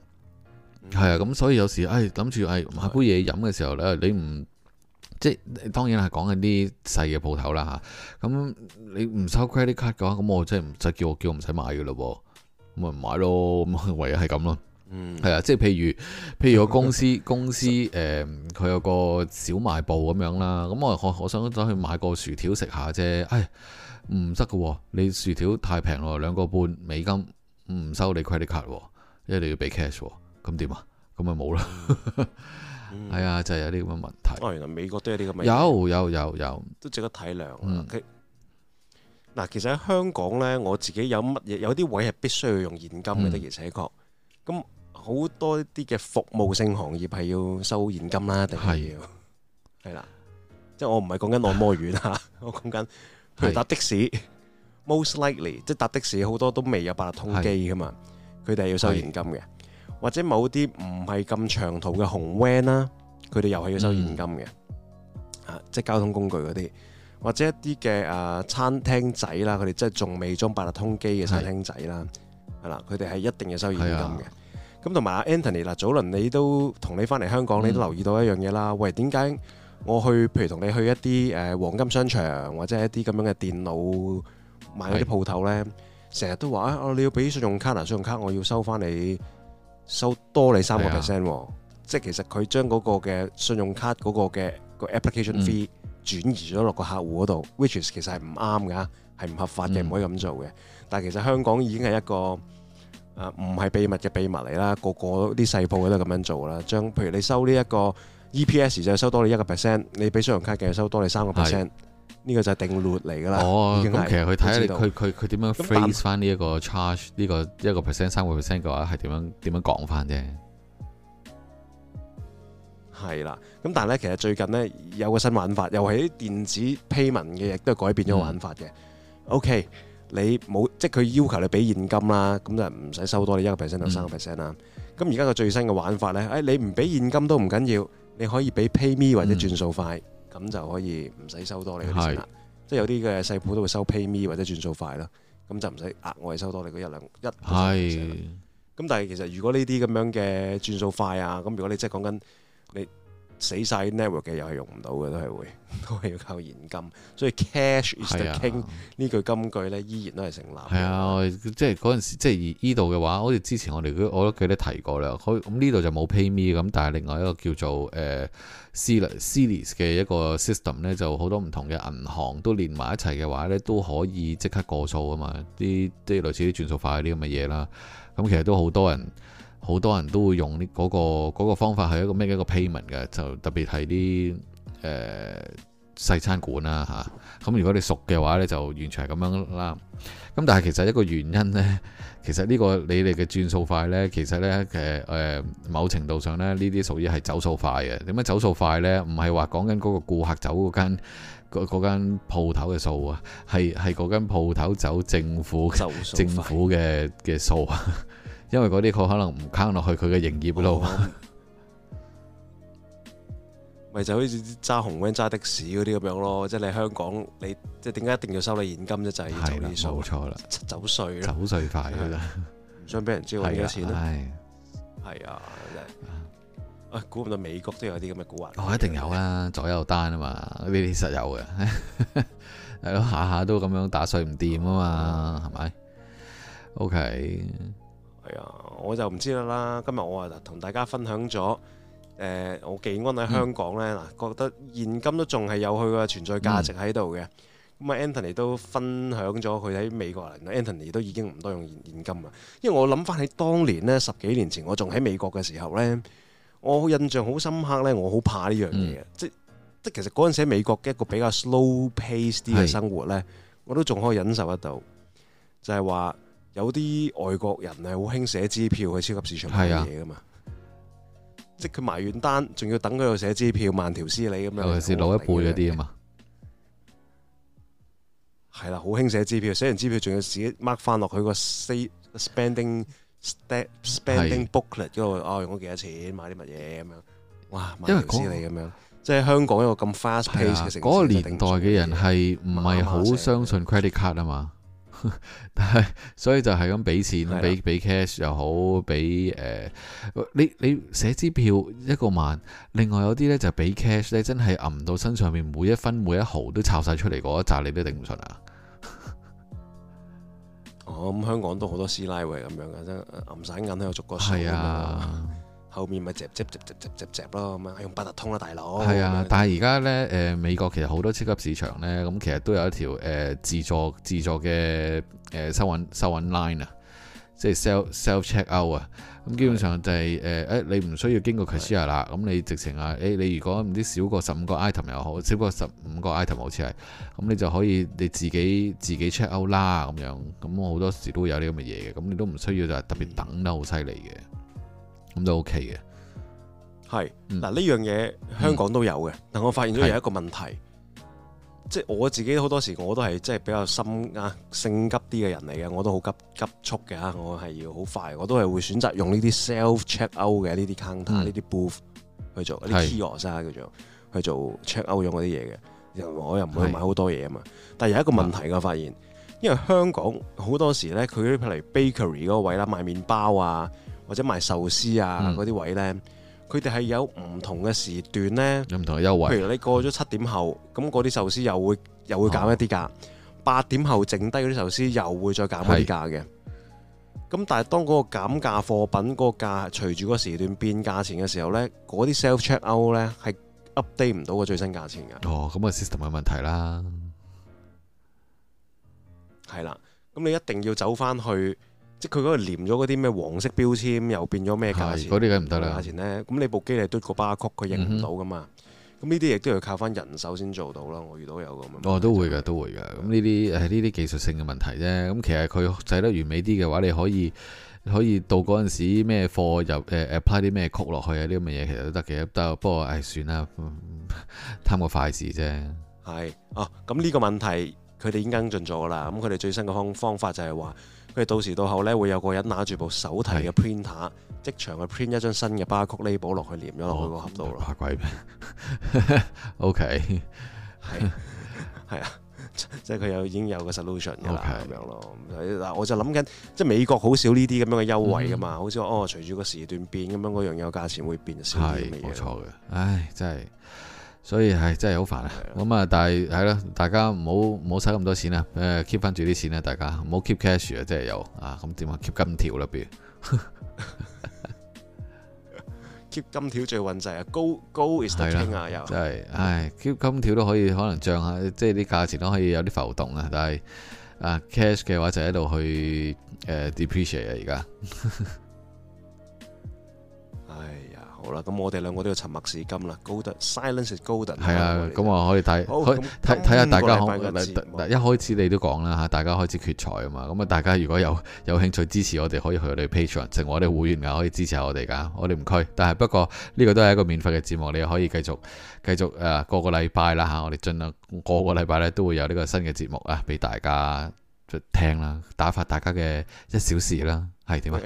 係啊，咁所以有時，誒諗住誒買杯嘢飲嘅時候咧，你唔即係當然係講緊啲細嘅鋪頭啦嚇。咁、啊、你唔收 credit card 嘅話，咁我真係唔使叫我叫我唔使買㗎咯噃，咪唔買咯。咁唯有係咁咯。嗯，係啊，即係譬如譬如我公司公司誒，佢、呃、有個小賣部咁樣啦。咁我我我想走去買個薯條食下啫。唉，唔得㗎，你薯條太平咯，兩個半美金唔收你 credit card，啊、因為你要俾 cash。咁點啊？咁咪冇啦。係啊，就係有啲咁嘅問題。哦，原來美國都有啲咁嘅。有有有有，都值得體諒。嗯。嗱，其實喺香港咧，我自己有乜嘢？有啲位係必須要用現金嘅，的而且確。咁好多啲嘅服務性行業係要收現金啦，定係要？係啦。即係我唔係講緊按摩院啊，我講緊搭的士。Most likely，即係搭的士，好多都未有八達通機噶嘛，佢哋係要收現金嘅。或者某啲唔係咁長途嘅紅 van 啦，佢哋又係要收現金嘅、嗯、即係交通工具嗰啲，或者一啲嘅啊餐廳仔啦，佢哋即係仲未裝八達通機嘅餐廳仔啦，係啦，佢哋係一定要收現金嘅。咁同埋是、啊、Anthony 嗱，早輪你都同你翻嚟香港，你都留意到一樣嘢啦。嗯、喂，點解我去，譬如同你去一啲誒、呃、黃金商場，或者一啲咁樣嘅電腦買嗰啲鋪頭呢？成日是都話啊，你要俾信用卡啊，信用卡我要收翻你。收多你三的個 percent，即係其實佢將嗰個嘅信用卡嗰個嘅個 application fee、嗯、轉移咗落個客戶嗰度，which is 其實係唔啱㗎，係唔合法嘅，唔、嗯、可以咁做嘅。但係其實香港已經係一個誒唔係秘密嘅秘密嚟啦，個個啲細鋪都係咁樣做啦，將譬如你收呢一個 EPS 就收多你一個 percent，你俾信用卡嘅收多你三個 percent。呢個就係定律嚟㗎啦。哦，咁其實佢睇下佢佢佢點樣 phase 翻呢一個 charge 呢個一個 percent 三個 percent 嘅話係點樣點樣講翻啫？係啦，咁但係咧，其實最近咧有個新玩法，又係啲電子 payment 嘅，亦都係改變咗玩法嘅。嗯、OK，你冇即係佢要求你俾現金啦，咁就唔使收多你一個 percent 到三個 percent 啦。咁而家個最新嘅玩法咧，誒、哎、你唔俾現金都唔緊要，你可以俾 PayMe 或者轉數快。嗯。咁就可以唔使收多你嘅錢啦，是即係有啲嘅細鋪都會收 pay me 或者轉數快啦，咁就唔使額外收多你嗰一兩一蚊。係是，咁但係其實如果呢啲咁樣嘅轉數快啊，咁如果你即係講緊你。你死晒 network 嘅又係用唔到嘅，都係會，都係要靠現金，所以 cash is the king 呢句金句咧依然都係成立。係啊，即係嗰陣時，即係依度嘅話，好似之前我哋我都記得提過啦。咁呢度就冇 pay me 咁，但係另外一個叫做誒 series series 嘅一個 system 咧，就好多唔同嘅銀行都連埋一齊嘅話咧，都可以即刻過數啊嘛！啲即係類似啲轉數快嗰啲咁嘅嘢啦，咁其實都好多人。好多人都會用啲、嗰、嗰、個嗰個方法係一個咩嘅一個 payment 嘅，就特別係啲誒細餐館啦嚇。咁、啊嗯、如果你熟嘅話呢，就完全係咁樣啦。咁、嗯、但係其實一個原因呢，其實呢、呢個你哋嘅轉數快呢，其實呢，其實誒某程度上呢，呢啲屬於係走數快嘅。點解走數快呢？唔係話講緊嗰個顧客走嗰間嗰嗰間鋪頭嘅數啊，係係嗰間鋪頭走政府走政府嘅嘅數啊。因為嗰啲佢可能唔坑落去佢嘅營業路、oh.，咪就好似揸紅 van 揸的士嗰啲咁樣咯。即係你香港，你即係點解一定要收你現金啫？就係，冇錯啦，走稅、啊，走稅快啦，唔想俾人知揾咗錢咯，係啊，真係。估唔到美國都有啲咁嘅古惑，我一定有啦，左右單啊嘛，呢啲實有嘅，係咯，下下都咁樣打稅唔掂啊嘛，係咪 at？O K。我就唔知啦。今日我啊同大家分享咗，誒、呃，我幾安喺香港咧，嗱、嗯，覺得現金都仲係有佢嘅存在價值喺度嘅。咁啊、嗯、，Anthony 都分享咗佢喺美國啦、嗯、，Anthony 都已經唔多用現現金啦。因為我諗翻起當年呢，十幾年前我仲喺美國嘅時候呢，我印象好深刻呢。我好怕呢樣嘢即即其實嗰陣時喺美國嘅一個比較 slow paced 啲嘅生活呢，是我都仲可以忍受得到，就係、是、話。有啲外國人係好興寫支票去超級市場買嘢噶嘛，即係佢埋完單，仲要等佢度寫支票，慢條斯理咁樣，尤其是老一輩嗰啲啊嘛，係啦，好興寫支票，寫完支票仲要自己 mark 翻落佢個 spending spending booklet 嗰度，哦，用咗幾多錢買啲乜嘢咁樣，哇，慢條斯理咁樣，即係香港一個咁 fast pace 嘅城市，嗰個年代嘅人係唔係好相信 credit card 啊嘛？但係， 所以就係咁俾錢，俾俾的 cash 又好，俾誒、uh，你你寫支票一個萬，另外有啲呢，就俾、是、cash 咧，真係揞到身上面每一分每一毫都抄晒出嚟嗰一紮，你都頂唔順啊！我 咁、哦嗯、香港都好多師奶會咁樣嘅，真揞散銀喺度逐個數啊。後面咪接接接接接接咯，咁樣，用八達通啦、啊，大佬。係啊，但係而家呢，誒、呃、美國其實好多超級市場呢，咁其實都有一條誒、呃、自助自助嘅誒收銀收銀 line 啊，即係 self self check out 啊。咁、嗯、對 基本上就係誒誒，你唔需要經過櫃枱啦。咁對 你直情啊，誒你如果唔知少過十五個 item 又好，少過十五個 item 好似係，咁你就可以你自己自己 check out 啦、啊、咁樣。咁好多時都有啲咁嘅嘢嘅，咁你都唔需要就係特別等得好犀利嘅。都 OK 嘅，係嗱呢樣嘢是、嗯、香港都有嘅。嗯、但我發現咗有一個問題，是即係我自己好多時我都係即係比較心啊性急啲嘅人嚟嘅，我都好急急促嘅嚇。我係要好快，我都係會選擇用呢啲 self check out 嘅呢啲 counter、呢啲 booth 去做一啲是 kiosks 啊，去做去做 check out 咗嗰啲嘢嘅。是我又唔會買好多嘢啊嘛。是但係有一個問題是我發現，因為香港好多時呢，佢啲譬如 bakery 嗰個位啦，賣麵包啊。或者賣壽司啊嗰啲位呢，佢哋係有唔同嘅時段呢，有唔同嘅優惠。譬如你過咗七點後，咁嗰啲壽司又會又會減一啲價。八、哦、點後剩低嗰啲壽司又會再減一啲價嘅。咁是但係當嗰個減價貨品個價隨住個時段變價錢嘅時候呢，嗰啲 self check out 呢係 update 唔到個最新價錢㗎。哦，咁、那、啊、個、system 嘅問題啦，係啦，咁你一定要走翻去。即佢嗰度粘咗嗰啲咩黃色標籤，又變咗咩價錢？嗰啲梗唔得啦。價錢咧，咁你部機係嘟個巴曲，佢認唔到噶嘛？咁呢啲亦都要靠翻人手先做到咯。我遇到有咁。哦，都會嘅，就是、都會嘅。咁呢啲誒呢啲技術性嘅問題啫。咁其實佢製得完美啲嘅話，你可以可以到嗰陣時咩貨入誒 apply 啲咩曲落去啊？呢咁嘅嘢其實都得嘅。但不過誒、哎，算啦， 貪個快事啫。係啊，咁呢個問題佢哋已經跟進咗啦。咁佢哋最新嘅方法新方法就係、是、話。佢到時到後咧，會有個人拿住部手提嘅 printer，即場去 print 一張新嘅巴曲 label 落去黏咗落去個盒度咯。鬼 OK 係，係啊、okay，即係佢有已經有個 solution 噶啦，咁樣咯。嗱，我就諗緊，即係美國好少呢啲咁樣嘅優惠噶嘛，好似哦，隨住個時段變咁樣，嗰樣嘢價錢會變少啲咁嘅嘢。冇錯嘅，唉，真係。所以係、sí, 真係好煩啊！咁的啊，但係係咯，大家唔好唔好使咁多錢啊！誒、uh,，keep 翻住啲錢啦，大家唔好 keep cash 啊！即係有，啊，咁點啊？keep 金條啦，不如 keep 金條最穩陣啊 Gold is the king 啊又真係，唉，keep 金條都可以可能漲下，即係啲價錢都可以有啲浮動啊！但係啊，cash 嘅話就喺度去誒 depreciate 啊！而家係。 唉好啦，咁我哋兩個都要沉默是金啦，Golden Silence is Golden。係啊，咁我可以睇，睇下大家。好，看一開始你都講啦嚇，大家開始決賽啊嘛，咁啊大家如果有有興趣支持我哋，可以去我哋 Patreon 成我哋會員噶，可以支持下我哋噶，我哋唔拘。但係不過呢個都係一個免費嘅節目，你可以繼續繼續誒，個、呃、個禮拜啦嚇、啊，我哋盡量個個禮拜咧都會有呢個新嘅節目啊，俾大家聽啦，打發大家嘅一小時啦，係點啊？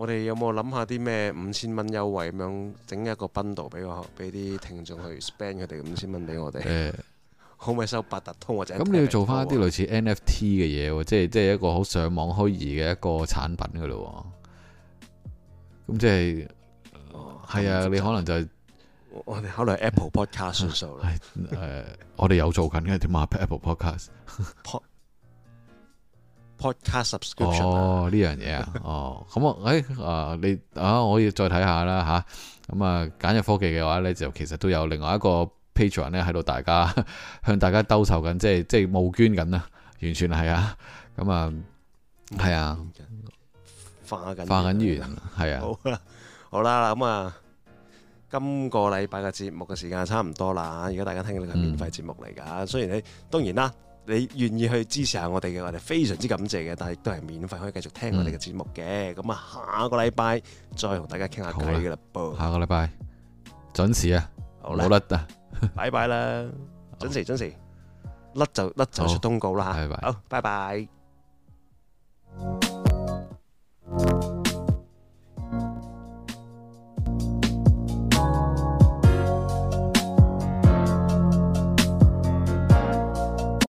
我哋有冇諗下啲咩五千蚊優惠咁樣整一個 bundle 俾我，俾啲聽眾去 spend 佢哋五千蚊俾我哋？誒，可唔可以收八達通或者咁？你要做翻一啲類似 NFT 嘅嘢，即係即係一個好上網虛擬嘅一個產品噶咯。咁即係，係啊，你可能就係我哋考慮 Apple Podcast 算數啦。誒，我哋有做緊嘅，點啊？Apple Podcast。Podcast subscription，哦呢樣嘢啊，哦，咁啊，誒，啊你啊，我要再睇下啦吓，咁啊，簡約科技嘅話咧就其實都有另外一個 Patreon 咧喺度，大家向大家兜售緊，即係即係募捐緊啦，完全係啊，咁啊係啊，畫緊畫緊完係啊，好啦好啦咁啊，今個禮拜嘅節目嘅時間差唔多啦，而家大家聽緊呢個免費節目嚟噶，雖然你當然啦。你願意去支持下我哋嘅，我哋非常之感謝嘅。但係都係免費，可以繼續聽我哋嘅節目嘅。咁啊，下個禮拜再同大家傾下偈嘅啦。下個禮拜準時啊，冇甩啊，拜拜啦，準時準時甩就甩就出通告啦。好，拜拜。